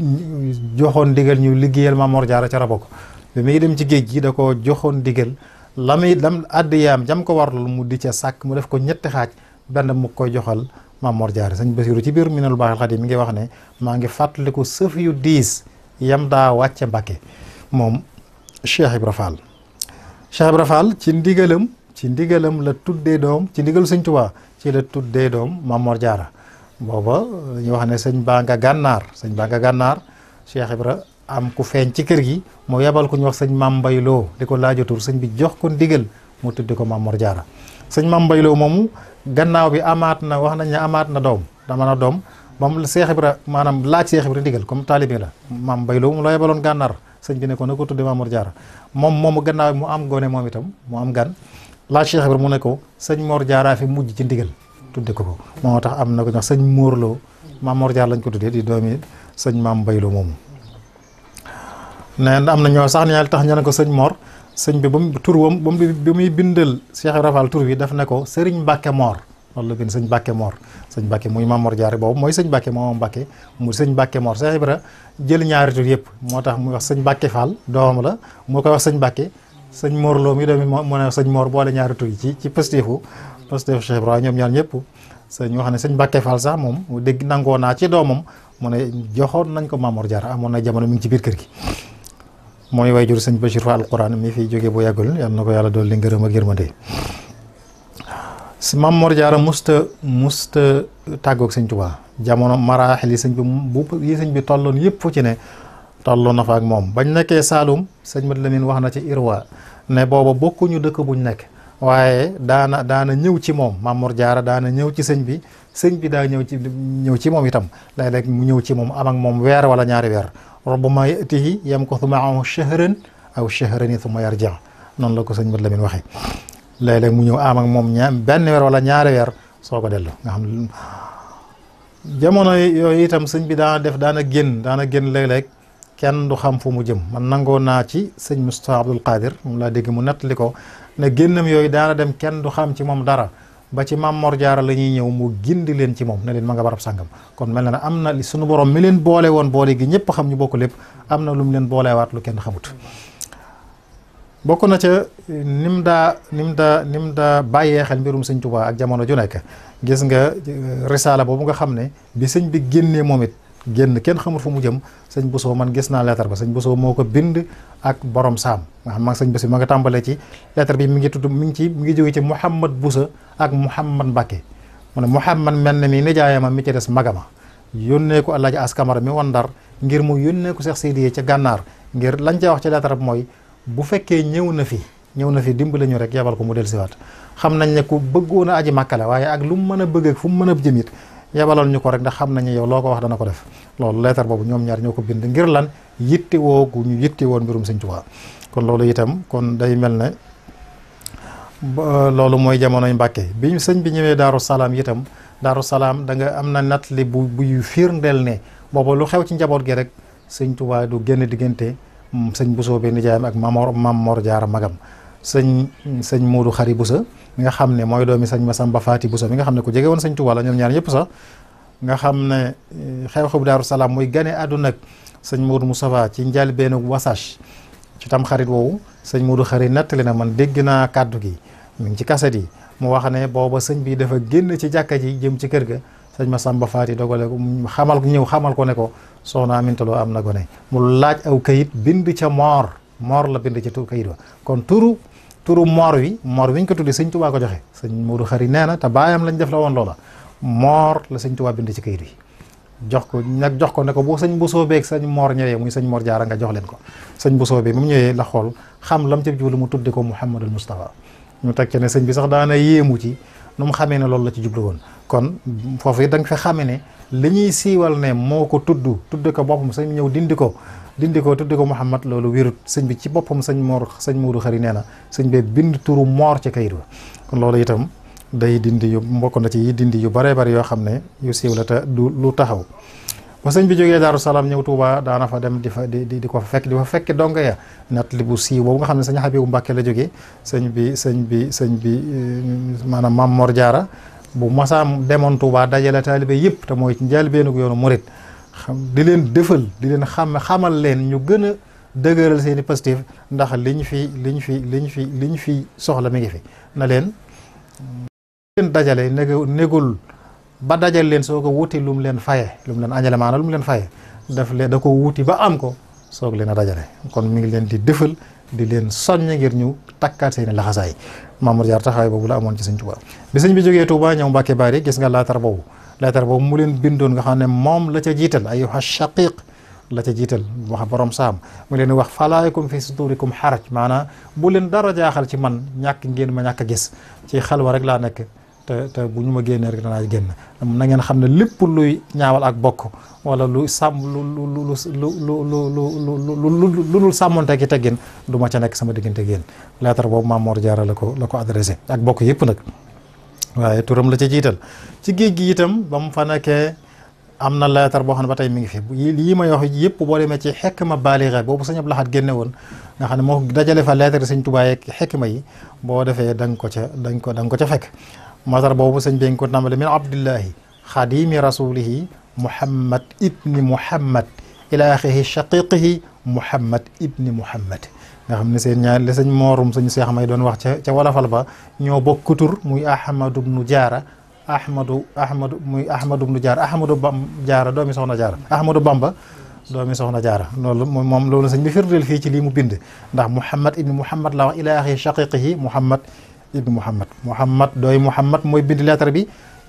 joxoon ndigal ñu liggéeyal Maam Mor Jaara ca rabo ko bi muy dem ci géej gi da ko joxoon ndigal la muy lam addiyaam jam ko war mu di ca sàkk mu def ko ñetti xaaj benn mu koy joxal Maam Mor Jaara sëñ Basiru ci biir Minanul Baaxil Xadim mi ngi wax ne maa ngi fàttaliku sëf yu diis yam daa wàcce Mbàkke moom Cheikh Ibra Fall Cheikh Ibra ci ndigalam ci ndigalam la tuddee doom ci ndigal sëñ Tuubaa ci la tuddee doom Maam Mor Jaara booba ñu wax ne sëñ baa nga gànnaar sëñ baa nga gànnaar Cheikh Ibra am ku feeñ ci kër gi moo yebal ku ñu wax sëñ Maam Mbayloo di ko laajatur sëñ bi jox ko ndigal mu tuddi ko Maam Mor Jaara sëñ Maam Mbay Lo moomu gannaaw bi amaat na wax nañ ne amaat na doom dama na doom ba mu Seex Ibra maanaam laaj Seex Ibra ndigal comme taalibe la Maam Mbay Lo mu la yebaloon gànnaar sëñ bi ko na ko tuddi Maam Mor Jaara moom moomu mu am gone moom itam mu am gan laaj Seex Ibra mu ne ko sëñ Mor Jaara fi mujj ci ndigal tuddi ko ko moo tax am na ko ñax sëñ Mor Lo Maam Mor Jaara lañ ko tuddee di doomi sëñ Maam Mbay Lo moomu ne am na ñoo sax ni tax ñu ne ko sëñ Mor sëñ bi ba mu tur wam ba muy bindal Cheikh Ibra Fall tur bi daf ne ko Serigne Mbacke Mor loolu la bind sëñ Mbacke Mor sëñ Mbacke muy Maam Mor Jaara boobu mooy sëñ Mbacke moom Mbacke mu sëñ Mbacke Mor Cheikh Ibra jël ñaari tur yëpp moo tax muy wax sëñ Mbacke Fall doomam la moo koy wax sëñ Mbacke sëñ Mor Lo mi doomi mu ne sëñ Mor boole ñaari tur yi ci ci pësteefu pësteefu Cheikh Ibra ñoom ñaar ñëpp sëñ wax ne sëñ Mbacke Fall sax moom dëgg nangoo naa ci doomam mu ne joxoon nañ ko Maam Mor Jaara amoon na jamono mi ci biir kër gi mooy waajur sëñ Bachir Fall Alquran mi fi jóge bu yàggul yal na ko yàlla dool li ngërëm ak yërmande si maam Mor Jaara musta musta tàggoog sëñ Tuubaa jamono maraaxil yi sëñ bi bu yi sëñ bi tolloon yëpp fu ci ne tolloon na fa ak moom bañ nekkee Saalum sëñ Mat Lamin wax na ci Irwa ne booba bokkuñu dëkk buñ nekk waaye daana daana ñëw ci moom maam Mor Jaara ñëw ci sëñ bi sëñ bi daa ñëw ci ñëw ci moom itam léeg-léeg mu ñëw ci moom am moom weer wala ñaari weer robama yatihi yamkuthu maahu shahran aw shahrani thumma yarjaa noonu la ko sëñ Mat Lamin waxee léeg mu ñëw am ak moom ña benn weer wala ñaari weer soo ko dellu nga xam jamono yooyu itam sëñ bi daana def daana génn daana génn léeg-léeg kenn du xam fu mu jëm man nangoo naa ci sëñ Moustapha Abdoul Qadir moom laa dégg mu nettali ko ne génnam yooyu daana dem kenn du xam ci moom dara ba ci maam Mor Jaara la ñuy ñëw mu gindi leen ci moom ne leen ma nga barab sàngam kon mel na ne am na suñu borom mi leen boole woon boole gi ñëpp xam ñu bokk lépp am na lu mu leen boolewaat lu kenn xamut bokk na ca nim daa nim daa nim daa bàyyee xel mbirum sëñ Tuubaa ak jamono ju nekk gis nga euh, risaala boobu nga xam ne bi sëñ bi génnee moom it génn kenn xamul fu mu jëm sëñ Bousso man gis naa lettre ba sañ Bousso moo ko bind ak borom saam nga xam maa sëñ Bousso ma nga tàmbalee ci lettre bi mi ngi tudd mi ngi ci mi ngi jóge ci Mouhamad Boussa ak Mouhamad Mbacke mu ne Mouhamad mel ne mi nijaayama mi ci des maga ma yónnee ko Alaaji Askamara mi wan Ndar ngir mu yónnee ko Cheikh Sidiye ca gànnaar ngir lañ ca wax ci lettre bi mooy bu fekkee ñëw na fi ñëw na fi dimbali ñu rek yabal ko mu dellusiwaat xam nañ ne ku bëggoon a aji màkka la waaye ak lu mu mën a bëgg ak mu mën a jëm it yebaloon ñu ko rek ndax xam nañu yow loo ko wax dana ko def loolu leetar boobu ñoom ñaar ñoo ko bind ngir lan yitte woo gu ñu yitte woon mbirum Sëñ Tuubaa kon loolu itam kon day mel ne euh, loolu mooy jamonoy Mbàkke bi ñu sëñ bi ñëwee Daaru Salaam itam Daaru Salaam da am na natli bu buy firndeel ne booba lu xew ci njaboot gi rek Sëñ Tuubaa du génn diggante mm, sëñ bu bi nijaayam ak Mamor Mamor Jaara magam sëñ sëñ Modou xari Boussa mi nga xam ne mooy doomi sëñ Massamba Faati Boussa mi nga xam ne ku jege woon sëñ Touba la ñoom ñaar ñëpp sax nga xam ne eh, xew-xew Daaru Salaam muy gane àdduna ak sëñ mu Moustapha ci njëlbéenu wasage ci tam xarit woowu sëñ Modou Khari nattali na man dégg naa kàddu gi mu ngi ci kaset yi mu wax ne booba sëñ bi dafa génn ci jàkka ji jëm ci kër ga sëñ ma Massamba Faati dogale ko xamal ñëw xamal ko ne ko soxna Amintaloo am na gone mu laaj aw kayit bind ca moor moor la bind ca kayit wa turu moor wi moor wi ñu ko tuddi sëñ tubaa ko joxe sëñ Mourou Khary nee na te baayam lañ def la woon loola moor la sëñ tubaa bind ci kayit wi jox ko nag jox ko ne ko bu sëñ bu soobeeg sëñ moor ñëwee muy sëñ moor jaara nga jox leen ko sëñ bu soobee mu ñëwee la xool xam la lam ci jublu mu tuddi ko Mouhamadul Moustapha ñu teg ci ne sañ bi sax daana yéemu ci nu mu xamee ne loolu la ci jublu woon kon foofu it da nga fa xamee ne li ñuy siiwal ne moo ko tudd tudd ko boppam sëñ ñëw dindi ko dindi ko tuddi ko Muhammad loolu wérut sëñ bi ci boppam sëñ Moor sëñ Moodu Xari nee na sëñ bi bind tuuru moor ci kayit ba kon loolu itam day dindi yu mbokk na ci dindi yu bare bari yoo xam ne yu siiw la te du lu taxaw ba sëñ bi jógee Daaru Salaam ñëw Touba daana fa dem di fa di di ko fekk di fa fekk donga ya nat li bu siiw boobu nga xam ne sëñ Habibu Mbàkke la jógee sëñ bi sëñ bi sëñ bi eh, maanaam Maam Mor Jaara bu masaam demoon Touba dajale taalibe yëpp te mooy njëlbéenu yoonu murit xam di leen dëfal di leen xam xamal leen ñu gën a dëgëral seen i positif ndax liñ fi liñ fi liñ fi liñ fi soxla mi ngi fi na leen leen dajale négul ba dajal leen soo ko wuti lum leen faye lu lum leen añale lu mu leen faye def leen da ko wuti ba am ko soog leen a dajale kon mi ngi leen di dëfal di leen soññ ngir ñu takkaat seen i laxasaay Mamour Diar taxawaay boobu la amoon ci sëñ Touba bi sëñ bi jógee Touba ñëw Mbacke Bari gis nga laatar boobu leetar boobu mu leen bindoon nga xam ne moom la ca jiital ayyuha shaqiq la ca jiital wax borom saam mu leen wax falaa yakum fi sudurikum xaraj maanaam bu leen dara jaaxal ci man ñàkk ngeen ma ñàkk a gis ci xalwa rek laa nekk te te bu ñu ma génnee rek danaa génn na ngeen xam ne lépp luy ñaawal ak bokk wala lu sàmm lu lu lu lu lu lu lu lu lu sàmmonte ki teggin du ma ca nekk sama diggante génn leetar boobu Maam Mor Jaara la ko la ko adressé ak bokk yëpp nag waaye turam la ca jiital ci géej gi itam ba mu fa nekkee am na leetar boo xam ne ba tey mi ngi fi lii may wax yëpp boo demee ci xekma baaliga boobu sëñ Abdul Ahad génne woon nga xam ne moo dajale fa leetar sëñ Tuubaa yeeg xekma yi boo defee da nga ko ca da nga ko da nga ko ca fekk matar boobu sëñ bi nga ko tàmbale min abdillahi xadimi rasulihi muhammad ibni muhammad ila axihi shaqiqihi muhammad ibni muhammad nga xam ne seen ñaar li sëñ moorum sëñ seex may doon wax ca ca wolofal ba ñoo bokk tur muy ahmadu bnu jaara ahmadu ahmadu muy ahmadu bnu jaara ahmadu bam jaara doomi soxna jaara ahmadu bamba doomi soxna jaara loolu moom loolu sëñ bi firndeel fii ci lii mu bind ndax muhammad ibni muhammad la wax ila axi shaqiqihi muhammad ibni muhammad muhammad dooy muhammad mooy bind lettre bi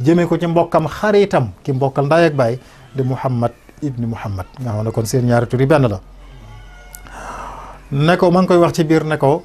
jëmee ko ci mbokkam xaritam ki mbokkal ndaay ak baay di muhammad ibni muhammad nga xam ne kon seen ñaari tur benn la ne ko maa ngi koy wax ci biir ne ko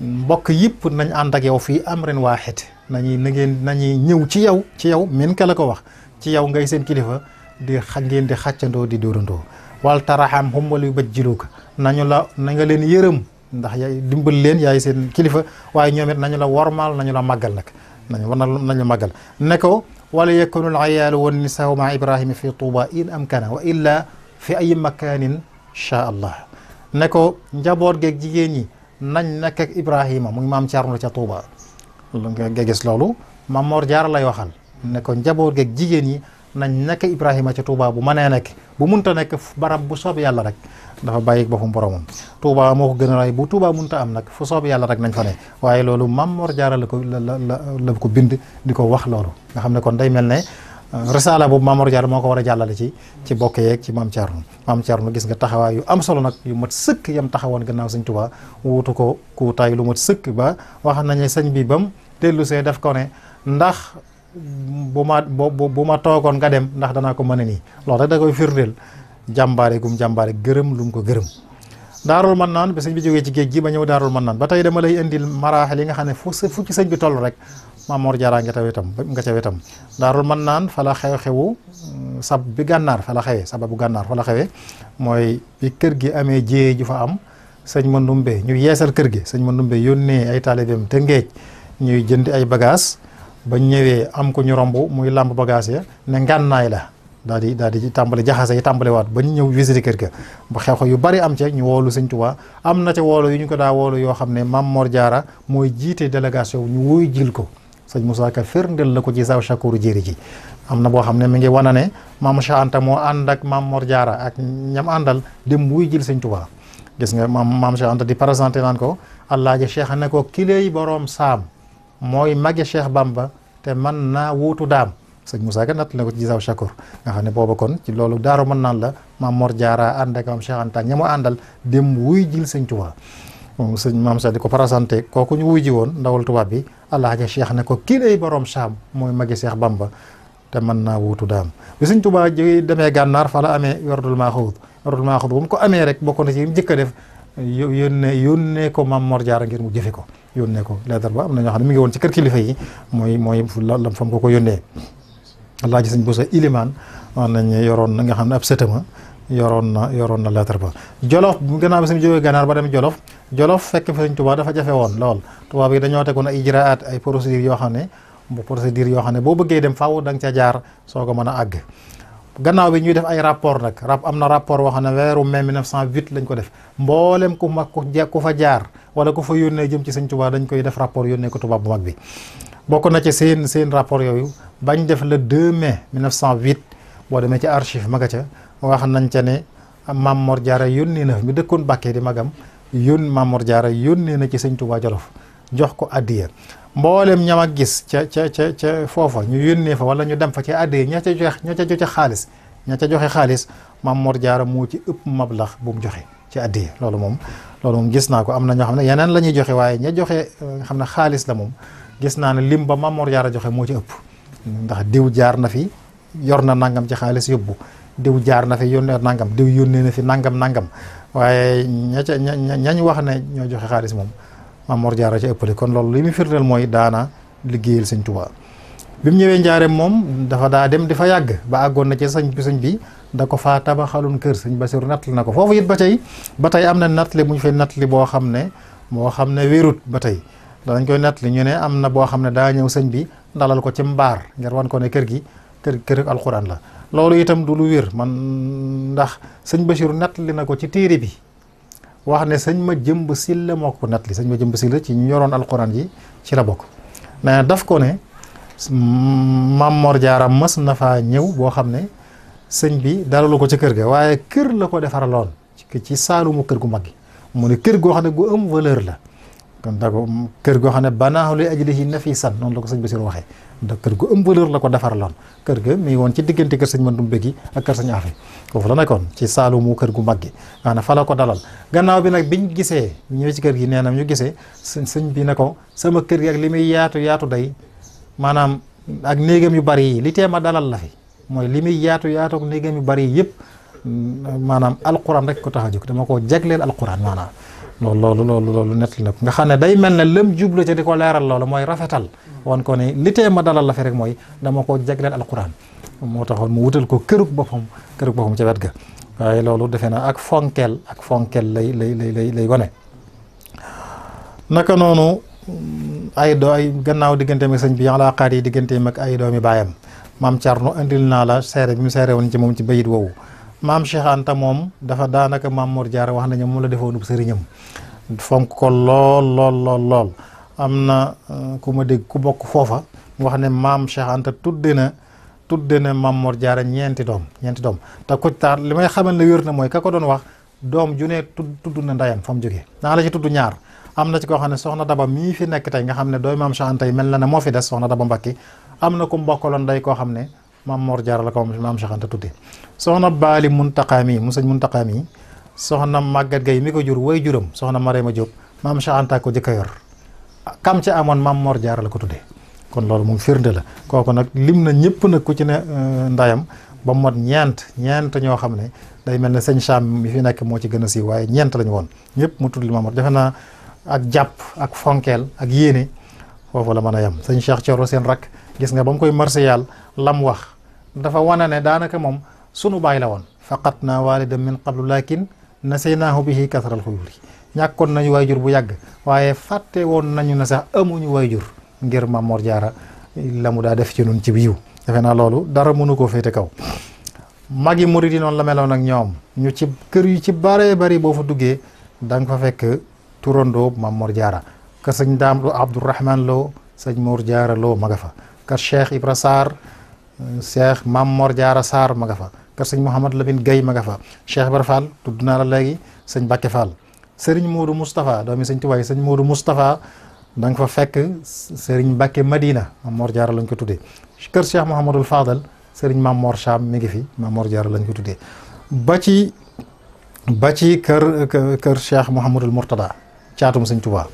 mbokk yëpp nañ ànd ak yow fii am ren waaxit nañuy na ngeen nañuy ñëw ci yow ci yow min ka la ko wax ci yow ngay seen kilifa di xa ngeen di xàccandoo di dóorandoo wal taraxam xumbal yu bët jiluka nañu la na nga leen yërëm ndax yaay dimbal leen yaay seen kilifa waaye ñoom it nañu la wormaal nañu la màggal nag nañu war nañu màggal ne ko wala yakunu al ayaalu wan nisaa maa ibrahima fi tuuba in amkana wa illa fi ay makanin shaa allah ne ko njaboot geeg jigéen ñi nañ nekk ak Ibrahima muy maam Thierno ca Touba nga gis loolu maam Mor Jaara lay waxal ne ko njaboot geeg jigéen ñi nañ nekk Ibrahima ca Touba bu mënee nekk bu munta nekk barab bu soob yàlla rek dafa bàyyi boppam boromam Touba moo ko gën a ray bu Touba munta am nag fu soob yàlla rek nañ fa ne waaye loolu maam Mor Jaara la ko la la la ko bind di ko wax loolu nga xam ne kon day mel ne. risaala boobu Mamour Diallo moo ko war a jàllale ci ci bokk yeeg ci maam Thierno maam Thierno gis nga taxawaayu yu am solo nag yu mat sëkk yam taxawoon gannaaw sëñ Tuubaa wuutu ko kuutaay lu mat sëkk ba wax nañu sëñ bi bam dellu see def ko ne ndax bu ma bu ma toogoon nga dem ndax danaa ko mën a nii loolu rek da koy firndeel jàmbaare gum jàmbaare gërëm lu ko gërëm daarul man naan bi sëñ bi ci géej gi ba ñëw daarul man naan ba tey dama lay indil maraaxel yi nga xam ne fu fu ci sëñ bi toll rek maam Mor Jaara nga ca wetam nga ca wetam daarul mën naan fa la xew-xewu mm, sab bi gànnaar fa la xewee sababu gànnaar fa la xewee mooy bi kër gi amee jiyee ju fa am sëñ Mandoumbe ñu yeesal kër gi sëñ Mandoumbe yónnee ay taalibeem te ngeej ñuy jënd ay bagage ba ñëwee am ko ñu romb muy làmb bagage ya ne ngànnaay la daal di daal di tàmbali jaxase yi tàmbali waat ba ñu ñëw visiter kër ga ba xew-xew yu bari am ci ñu woolu sëñ Tuubaa am na ca woolu yu ñu ko daa sëñ Moussa Ka firndeel la ko ci saw Chakour Jéeri ji am na boo xam ne mi ngi wana ne maam Cheikh Anta moo ànd ak maam moor Diarra ak ñam àndal dem wuy jël sëñ Tuubaa gis nga maam maam Cheikh di présenté naan ko Allaaji Cheikh ne ko kiley boroom saam mooy magi Cheikh Bamba te mën naa wuutu daam sëñ Moussa Ka natt na ci saw Chakour nga xam ne booba kon ci loolu daaru mën naan la maam Mor Diarra ànd ak maam Cheikh Anta ñamu àndal dem wuy jël sëñ Tuubaa sëñ maam Cheikh ko présenté kooku ñu wuy ji woon ndawal tubaab bi alaaja cheikh ne ko kii day boroom saam mooy magi seex bamba te man naa wuutu daam bi sëñ tubaa ji demee gànnaar fa la amee werdul maaxuud werdul maaxuud bu mu ko amee rek bokk na ci njëkk a def yónnee yónnee ko maam Mor Jaara ngir mu jëfe ko yónnee ko leetar ba na ñoo xam ne mi ngi woon ci kër kilifa yi mooy mooy lam fam ko ko yónnee alaaji sëñ bosa ilimaan wax nañ yoroon nga xam ne ab sëtama yoroon na yoroon na lettre ba jolof gannaaw bi suñu jógee gànnaar ba dem jolof jolof fekk fi sëñ Tuubaa dafa jafe woon lool tubaab yi dañoo tegoon ay ijraat ay procédures yoo xam ne bu procédure yoo xam ne boo bëggee dem faaw da nga ca jaar soo ko mën a àgg gannaaw bi ñuy def ay rapport nag rap am na rapport wax ne weeru mai 1908 lañ ko def mboolem ku mag ku fa jaar wala ku fa yónnee jëm ci sëñ Tuubaa dañ koy def rapport yónnee ko tubaab bu bi bokk na ci seen seen rapport yooyu bañ def le 2 mai 1908 boo demee ci archive maga ca wax nañ ca ne Mamor jaara yónnee na mu dëkkoon Bakke di magam yón Mamor Diarra yónnee na ci sëñ Touba Jolof jox ko addiya mboolem ñam ak gis ca ca ca ca foofa ñu yónnee fa wala ñu dem fa ci addiya ña ca joxe ña ca joxe xaalis ña ca joxe xaalis Mamor Diarra moo ci ëpp mablax bu mu joxe ci addiya loolu moom loolu moom gis naa ko am na ñoo xam ne yeneen la ñuy joxe waaye ña joxe xam ne xaalis la moom gis naa ne lim ba Mamor jaara joxe moo ci ëpp ndax diw jaar na fi yor na nangam ci xaalis yóbbu diw jaar na fi yónnee nangam diw yónnee na fi nangam nangam waaye ña ca ña ñañ wax ne ñoo joxe xaalis moom Maam Mor Jaara ci ëppale kon loolu li mu firndeel mooy daana liggéeyal sëñ Tuubaa bi mu ñëwee njaareem moom dafa daa dem di fa yàgg ba àggoon na ci sëñ bi sëñ bi da ko faa tabaxalun kër sëñ Basiru nattali na ko foofu it ba tey ba tey am na nattali bu ñu fay nattali boo xam ne moo xam ne wérut ba tey danañ koy nattali ñu ne am na boo xam ne daa ñëw sëñ bi dalal ko ci mbaar ngir wan ko ne kër gi kër kër alxuraan la loolu itam du lu wér man ndax sëñ ba Bachir nettali na ko ci téere bi wax ne sëñ ma jëmb silla moo ko nettali sëñ ma jëmb silla ci ñoroon alxuraan ji ci la bokk mais daf ko ne Maam Mor Jaara mas na ñëw boo xam ne sëñ bi dalalu ko ci kër ga waaye kër la ko defaraloon ci saalumu kër gu mag gi mu ne kër goo xam ne gu am valeur la kon da ko kër goo xam ne banaahu li ajlihi nafisan noonu la ko sëñ Basiru waxee ndax kër gu ëmb valeur la ko defaraloon kër ga mi ngi woon ci diggante kër sëñ Mandoumbe gi ak kër sëñ Afi foofu la nekkoon ci Saalumu kër gu mag gi maanaam fa la ko dalal gannaaw bi nag bi ñu gisee ñëw ci kër gi nee na ñu gisee sëñ sëñ bi ne ko sama kër gi ak li muy yaatu yaatu day maanaam ak néegam yu bari yi li tee ma dalal la fi mooy li muy yaatu yaatu ak néegam yu bari yëpp maanaam alquran rek ko tax dama koo jagleel alquran maanaam loolu loolu loolu loolu nettali na ko nga xam ne day mel ne lëm jublu ca di ko leeral loolu mooy rafetal wan ko ne li ma dalal la fi rek mooy dama ko jagleel alquran moo taxoon mu wutal ko kërug boppam kërug boppam ca wet ga waaye loolu defe naa ak fonkeel ak fonkeel lay lay lay lay wane naka noonu mm, ay doo ay gannaaw diggante mi sëñ bi alaaqaat yi diggantee mag ay doomi baayam maam Thierno indil naa la seere bi mu seere woon ci moom ci bayit woowu maam Cheikh moom dafa daanaka maam Mor wax wax nañu moom la defoonub sëriñam fonk ko lool lool lool lool am na euh, ku ma dégg ku bokk foofa mu wax ne maam Cheikh Anta tudde na tudde na maam Mor Diarra ñeenti doom ñeenti doom te ko taar li may xamal ne wér na mooy ka ko doon wax doom ju ne tudd na ndayam fa mu jógee naa la ci tudd ñaar am na ci koo xam ne soxna Daba mii fi nekk tey nga xam ne dooy maam Cheikh Anta yi mel na ne moo fi des soxna Daba Mbacke am na ku mbokkaloon day koo xam ne maam Mor Jaara la ko maam Cheikh Anta tudde soxna Baali Muntaqa mi mu sëñ Muntaqa mi soxna Maguette gay mi ko jur way juróom soxna ma Diop ma Cheikh Anta ko jëkk yor kam amoon maam Mor Jaara ko tudde kon loolu mu firnde la kooku nag lim na ñëpp nag ku ci ne euh, ndayam ba mot ñeent ñeent ñoo xam ne day mel ne sëñ Cham mi fi nekk moo ci gën a siiw waaye ñeent lañu woon ñëpp mu tudd li Maam defe naa ak jàpp ak fonkeel ak yéene foofu la mën a yem sëñ Cheikh Thioro seen rakk gis nga ba mu koy marséyal lam wax dafa wana ne daanaka moom sunu baay la woon faqat naa walidan min qablu lakin naseynaahu bihi kasral xuyuri ñàkkoon nañu waajur bu yàgg waaye fàtte woon nañu ne sax amuñu waajur ngir Maam Mor Jaara lamu mu daa def ci nun ci biiw defe na loolu dara mënu koo féete kaw mag yi murid yi noonu la meloon ak ñoom ñu ci kër yu ci bare bari boo fa duggee da nga fa fekk turandoo Maam Mor Jaara ka sëñ daam lu Abdourahman loo sëñ Mor Jaara loo maga fa kër Cheikh Ibra Sarr Cheikh Mam Mor Diarra Sarr ma nga fa kër sëñ Mouhamad Lamine Guèye ma nga fa Cheikh Ibra Fall tudd naa la léegi sëñ Bakke Fall sëriñ Modou Moustapha doomi sëñ Tuwaay sëñ Modou Moustapha da fekk sëriñ Bakke Madina Mam Mor lañ ko tuddee kër Cheikh Mouhamadul Fadal sëriñ Mam Mor Cham mi ngi fi Mam Mor lañ ko tuddee ba ci ci kër kër Cheikh Mouhamadul Mourtada caatum sëñ Tuubaa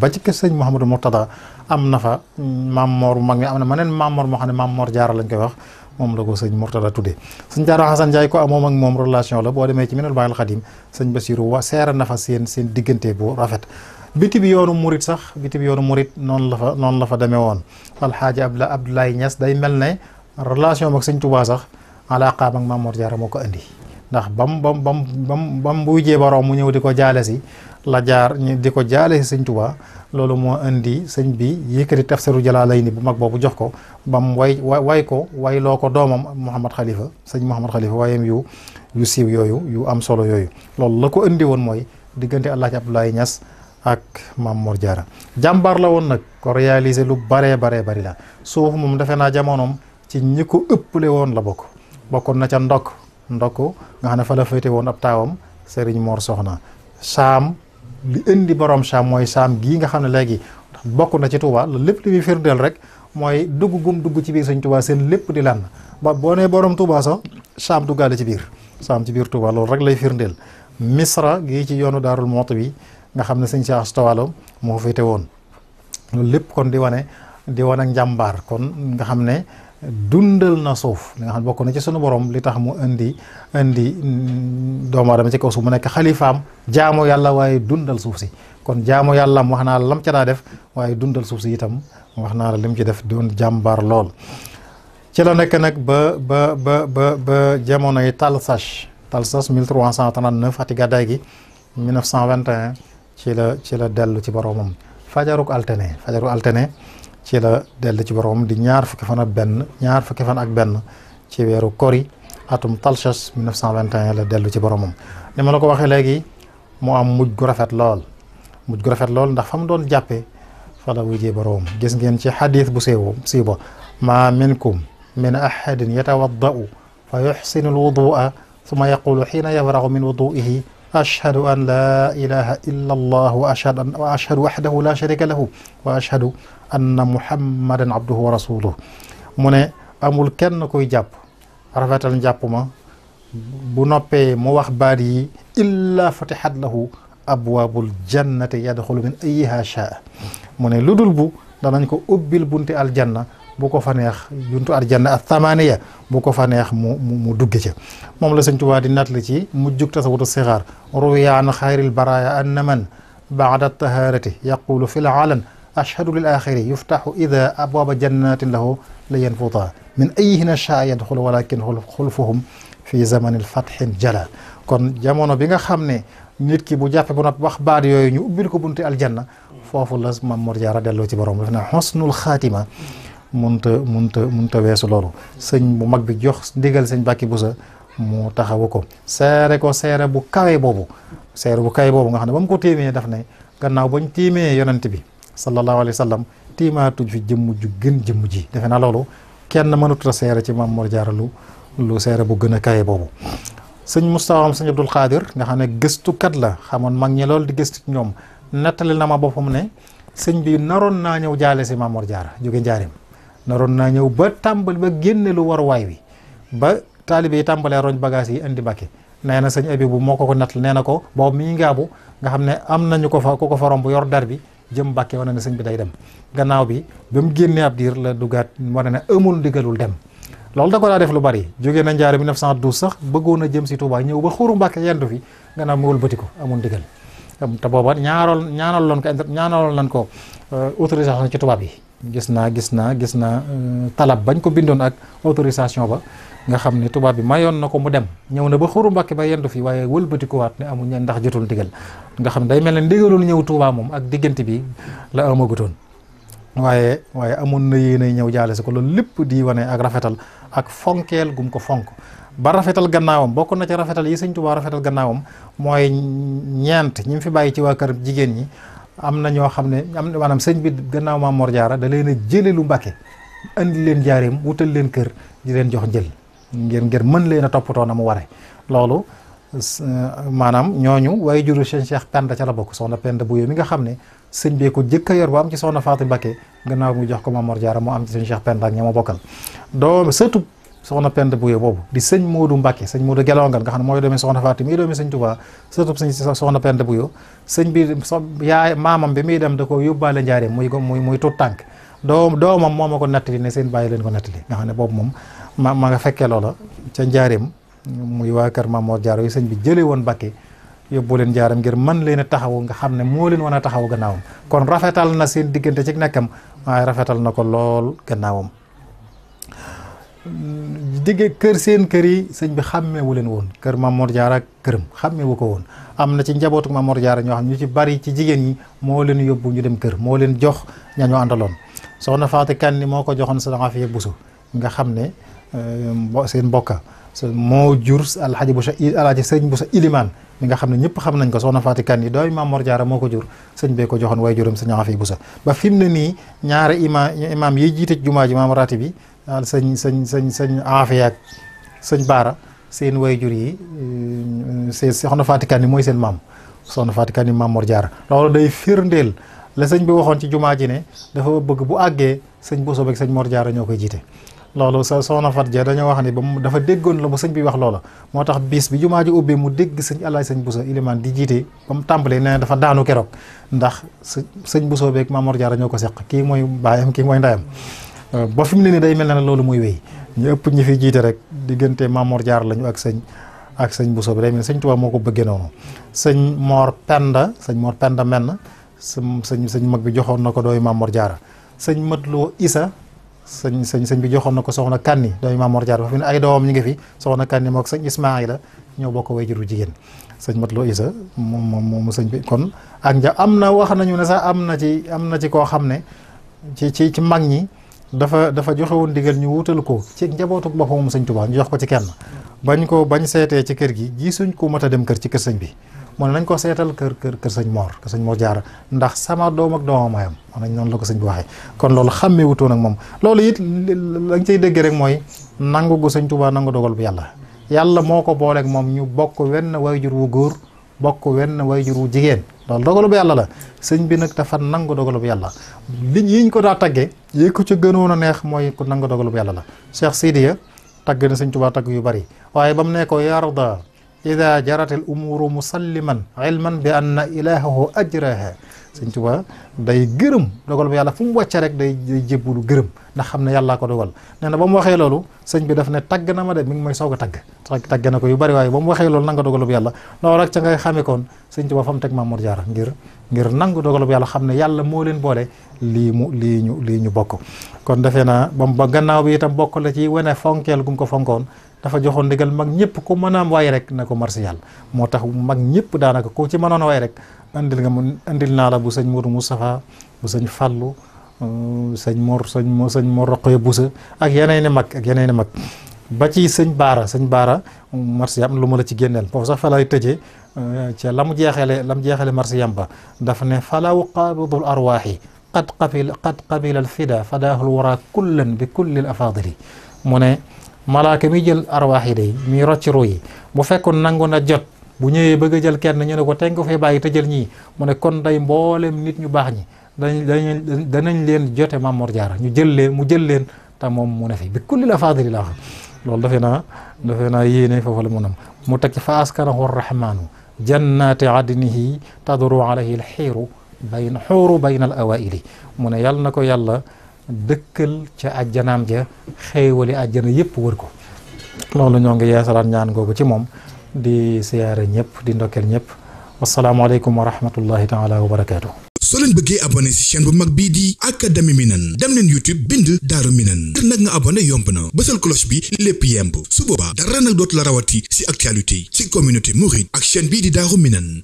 ba ci kër sëñ Mouhamadul Mourtada am na fa mm, maam Mor mag mi am na maneen maam Mor moo xam ne maam Mor Jaara lañ koy wax moom la ko sëñ Mourtada tuddee sëñ Jaara Xasan Njaay ko amoom ak moom relation la boo demee ci Minanul Baaqil Xadiim sëñ Basiru wa seera na seen seen diggante bu rafet biti yoonu murit sax biti yoonu murit noonu la fa noonu la fa demee woon alxaaji Abdula Abdoulaye Niass day mel ne relation ak sëñ Tuubaa sax alaaqaam ak maam Mor Jaara moo ko indi ndax bam bam bam bam bam bu wujjee boroom mu ñëw di ko jaale si la jaar di ko jaale si sëñ Tuubaa loolu moo indi sëñ bi jalaa lay Jalaalayni bu mag boobu jox ko bam way way way ko wayloo ko doomam Mouhamad Khalifa sëñ Mouhamad Khalifa waayam yu yu siiw yooyu yu am solo yooyu loolu la ko indi woon mooy diggante Alaaji Abdoulaye ñas ak Maam moor Jaara jàmbaar la woon nag ko réaliser lu baree baree bari la suuf moom defe naa jamonoom ci ñi ko ëpple woon la bokk bokkoon na ca ndokk ndokk nga xam ne fa la féete woon ab taawam Serigne moor Soxna li indi borom saam mooy saam gii nga xam ne léegi bokk na ci Touba loolu lépp li muy firndeel rek mooy dugg gum dugg ci biir sañ Touba seen lépp di lan ba boo nee boroom Touba sax saam duggaale ci biir saam ci biir Touba loolu rek lay firndeel misra gi ci yoonu daarul mooto bi nga xam ne sëñ Cheikh Stawalo moo féete woon loolu lépp kon di wane di wane njàmbaar kon nga xam ne dundal na suuf li nga xam bokk na ci sunu borom li tax mu indi indi doomu aadama ci kaw suuf mu nekk xalifaam jaamo yàlla waaye dundal suuf si kon jaamu yàlla wax naa la lam ca daa def waaye dundal suuf si itam wax naa la lim ci def doon jàmbaar lool. ci la nekk nag ba ba ba ba ba jamonoy Talsas Talsas 1339 ati gàddaay gi 1921 ci la ci la dellu ci boromam fajaruk altene fajaruk altene. ci la dellu ci borom di ñaar fukki fan ak benn ñaar fukki fan ak benn ci weeru kori atum talchas 1921 la dellu ci boromam ni ma la ko waxee léegi mu am mujj gu rafet lool mujj gu rafet lool ndax fa mu doon jàppee fa la wujjee boromam gis ngeen ci xadiis bu siiw siiba ma minkum min ahadin yatawaddau fa yuxsinu alwudua summa yaqulu xiina yafraxu min wuduihi أشهد أن لا إله إلا الله وأشهد أن وأشهد وحده لا شريك له وأشهد أن محمدا عبده ورسوله mu ne amul kenn kuy jàpp rafetal njàpp ma bu noppee mu wax baat yi illaa futihat lahu abwaabul jannati yadxulu min ayyihaa shaa mu ne lu dul bu danañ ko ubbil bunti aljanna bu ko fa neex juntu arjanna ak thamaniya bu ko fa neex mu mu dugge ca moom la sëñ Tuubaa di natt la ci mujjug tasawutu sixaar ruwiya an xayril baraaya anna man baada taharati yaqulu fi laalan ashhadu lil axiri yuftaxu ida abwaaba jannatin lahu la yanfutaa min ayihina shaa yadxul walakin xulfuhum fi zamanil fatxin jala kon jamono bi nga xam ne nit ki bu jàppee ba noppi wax baat yooyu ñu ubbil ko bunti aljanna foofu la Maam Mor Jaara delloo ci borom daf na xosnul xaatima munta munta munta weesu loolu sëñ bu mag bi jox ndigal sëñ Bàkki Busa mu taxawu ko seere ko seere bu kawe boobu seere bu kawe boobu nga xam ne ba mu ko tiimee daf ne gannaaw bañ tiimee yonent bi sallallahu alayhi wa sallam tiimaatuñ fi jëmm ju gën jëmm ji defe na loolu kenn mënut a seere ci Maam Mor Jaara lu lu seere bu gën a kawe boobu sëñ Moustapha am sëñ Abdul Xaadir nga xam ne gëstukat la xamoon mag ñi loolu di gëstu ñoom nettali na ma boppam ne sëñ bi naroon naa ñëw jaale si Maam Mor Jaara jóge naroon naa ñëw ba tàmbal ba génne lu war waay wi ba taalibe yi tàmbalee roñ bagage yi indi Mbàkke nee na sëñ Abibu moo ko ko nattal nee na ko boobu mi ngi ngaabu nga xam ne am nañu ko fa ko fa romb yor dar bi jëm Mbàkke wane ne sëñ bi day dem gannaaw bi ba mu génnee la dugaat wane ne amul ndigalul dem loolu da ko daa def lu bari jógee na njaare 1912 sax bëggoon a jëm si Touba ñëw ba xuuru Mbàkke yendu fi gannaaw mu wëlbati ko amul ndigal te booba ñaarol ñaanal loon ko ñaanaloon lan ko euh, autorisation ci tubaab yi gis naa gis naa gis naa euh, talab bañ ko bindoon ak autorisation ba nga xam ni tubaab bi mayoon na ko mu dem ñëw na ba xuru mbàkke ba yendu fi waaye wëlbatikuwaat ne amuñ ndax jotul ndigal nga xam ne day mel ne ndigalul ñëw Tuubaa moom ak diggante bi la amagutoon waaye waaye amoon na yéen ay ñëw jaale si ko loolu lépp di wane ak rafetal ak fonkeel gum ko fonk ba rafetal gannaawam bokkoon na ci rafetal yi sëñ Tuubaa rafetal gannaawam mooy ñeent ñi mu fi bàyyi ci waa kër jigéen ñi am na ñoo xam ne am maanaam sëñ bi gannaaw Maam Mor Jaara da leen a jëlee lu Mbàkke indi leen jaareem wutal leen kër di leen jox njël ngir ngir mën leen a toppatoo na mu ware loolu maanaam ñooñu waaye juru sëñ Cheikh Penda ca la bokk soxna Penda bu yo mi nga xam ne sëñ bee ko jëkk a yor bu am ci soxna Fatou Mbacke gannaaw mu jox ko Maam Mor Jaara moo am ci sëñ Cheikh Penda ak ma bokkal doom surtout soxna Penda Bouye boobu di sëñ Modou Mbacke sëñ Modou Gelongal nga xam ne mooy doomi soxna Fatim yi doomi sëñ Touba surtout sëñ soxna Penda Bouye yaay maamam bi muy dem da ko yóbbaale njaareem muy muy muy tut tànk doom doomam moo ma ko nettali ne seen bàyyi leen ko nettali nga xam ne boobu moom ma ma nga fekkee loola ca njaareem muy waa kër Mamor Diarra yi sëñ bi jëlee woon Mbacke yóbbu leen jaaram ngir mën leen a taxawu nga xam ne moo leen wan a taxawu gannaawam kon rafetal na seen diggante ci nekkam waaye rafetal na ko lool gannaawam diggee kër seen kër yi sëñ bi xàmmeewu leen woon kër Mame Mor Diarra ak këram xàmmeewu ko woon am na ci njabootu Mame Mor Diarra ñoo xam ñu ci bari ci jigéen ñi moo leen yóbbu ñu dem kër moo leen jox ña ñoo àndaloon soxna Fatou Kani moo ko joxoon Soxna Afiya Bousso nga xam ne euh, seen mbokka moo jur alxaji Bousso alxaji sëñ Bousso Ilimaan mi nga xam ne ñëpp xam nañ ko soxna Fatou Kani dooy Mame Mor Diarra moo ko jur sëñ bee ko joxoon waaye juróom Soxna bu sa ba fi mu ne nii ñaari imaam imaam yiy jiite jumaa ji maam raati bi daal sëñ sëñ sëñ sëñ aafiya ak sëñ baara seen jur yi euh, seen soxna Fatikaan yi mooy seen maam soxna Fatikaan yi maam Mor loolu day firndeel la sëñ bi waxoon ci jumaa ji ne dafa bëgg bu àggee sëñ Bousso beeg sëñ Mor ñoo koy jiite loolu sa soxna Fat Ja dañoo wax ne ba mu dafa déggoon la mu sëñ bi wax loola moo tax bis bi jumaa ji mu dégg sëñ Alaaji sëñ Bousso ilimaan di jiite ba mu tàmbalee dafa daanu keroog ndax sëñ Bousso beeg maam Mor ñoo ko seq kii mooy baayam kii mooy ndayam Euh, ba fi mu ne nii day mel ne loolu muy wéy ñu ëpp ñi fi jiite rek diggante Mamor Jaar lañu ak sëñ ak sëñ Bousso bi day mel ne sëñ Tuubaa moo ko bëggee noonu sëñ Mor Penda sëñ Mor Penda mag bi joxoon na ko dooy Mamor Jaara sëñ Matloo Isa sëñ sëñ sëñ bi joxoon na ko soxna Kanni dooy Mamor Jaara ñu ngi fi soxna Kanni moo ak sëñ Ismaayla ñoo bokk wayjuru jigéen sëñ Matloo Isa moom moom moom sëñ bi kon ak nja am na wax nañu ne sax am na ci am na ci koo xam ne ci ci ci mag ñi dafa dafa joxe woon digal ñu wutal ko ci njabootu boppam moom sëñ Tuubaa ñu ko ci kenn bañ ko bañ seetee ci kër gi gisuñ ko mat a dem kër ci kër sëñ bi mu ne nañ ko seetal kër kër kër sëñ Moor kër sëñ Moor Jaara ndax sama doom ak doomam ayam wax nañ noonu la ko sëñ bi waxee kon loolu xàmmee wutoon ak moom loolu it lañ cay déggee rek mooy nangu gu sëñ Tuubaa nangu dogal bu yàlla yàlla moo ko booleeg moom ñu bokk wenn waajur wu góor bokk wenn wayjur wu jigéen loolu dogalu bu yàlla la sëñ bi nag dafa nangu dogalu bu yàlla li yiñ ko daa tagge yi ko ci gënoon a neex mooy ku nangu dogalu bu yàlla la Cheikh Sidiya tagg na sëñ Tuubaa tagg yu bari waaye ba mu ne ko yarda ida jarat al umuuru musalliman ilman bi anna ilahahu ajraha sëñ Tuubaa day gërëm dogal ba yàlla fu mu wàcce rek day day jébbalu gërëm ndax xam ne yàllaa ko dogal nee na ba mu waxee loolu sëñ bi daf ne tagg na ma de mi ngi may soog a tagg tagg na ko yu bari waaye ba mu waxee loolu nanga dogal ba yàlla loolu rek ca ngay xamekoon sëñ Tuubaa fa mu teg Mamour Diarra ngir ngir nangu dogal ba yàlla xam ne yàlla moo leen boole lii mu lii ñu lii ñu bokk kon defee naa bam ba gannaaw bi itam bokk la ci wane fonkeel gum ko fonkoon dafa joxoon ndigal mag ñëpp ku mën a am waay rek na ko marsi yàlla moo tax mag ñëpp daanaka ku ci mënoon waay rek andil nga mun andil naa la bu sëñ Modou Moustapha bu sëñ Fallou euh, sëñ Mor sëñ Mor sëñ Mor Roqoya Boussa ak yeneen i mag yeneen i ba ci sëñ Baara sëñ Baara marché am lu ma la ci génneel foofu sax fa lay tëjee euh, ca la mu jeexalee la mu jeexalee marché yamba dafa ne falaaw qaabidul arwaaxi qad qabil qad qabila al fida fadaahul wara kullan bi kulli al afaadili mu ne malaaka mi jël arwaax day mi rocc ru yi bu nangu na jot bu ñëwee bëgg a jël kenn ñu ne ko teg nga fay bàyyi te jël ñii mu ne kon day mboolem nit ñu baax ñi danañ danañ leen jote Maam Mor Jaara ñu jël leen mu jël leen te moom mu ne fi bi kulli la faadili la wax loolu defe naa defe naa yéene foofu la mun am mu tekki fa askanahu rahmaanu jannaati adnihi tadru alayhi alxiiru bayn xuuru bayn al awaili mu ne yàlla na ko yàlla dëkkal ca ajjanaam ja xéewali ajjana yëpp wër ko loolu ñoo ngi yeesalaat ñaan googu ci moom di siyaare ñëpp di ndokkeel ñëpp wasalaamaaleykum wa rahmatullahi taala wa barakaatu. soo bëggee abonné ci chaîne bu mag bii di académie Minane dem leen YouTube bind Daaru Minane ngir nag nga abonné yomb na bësal cloche bi lépp yemb su boobaa dara nag dootu la rawati ci actualité ci communauté mouride ak chaîne bii di Daaru Minane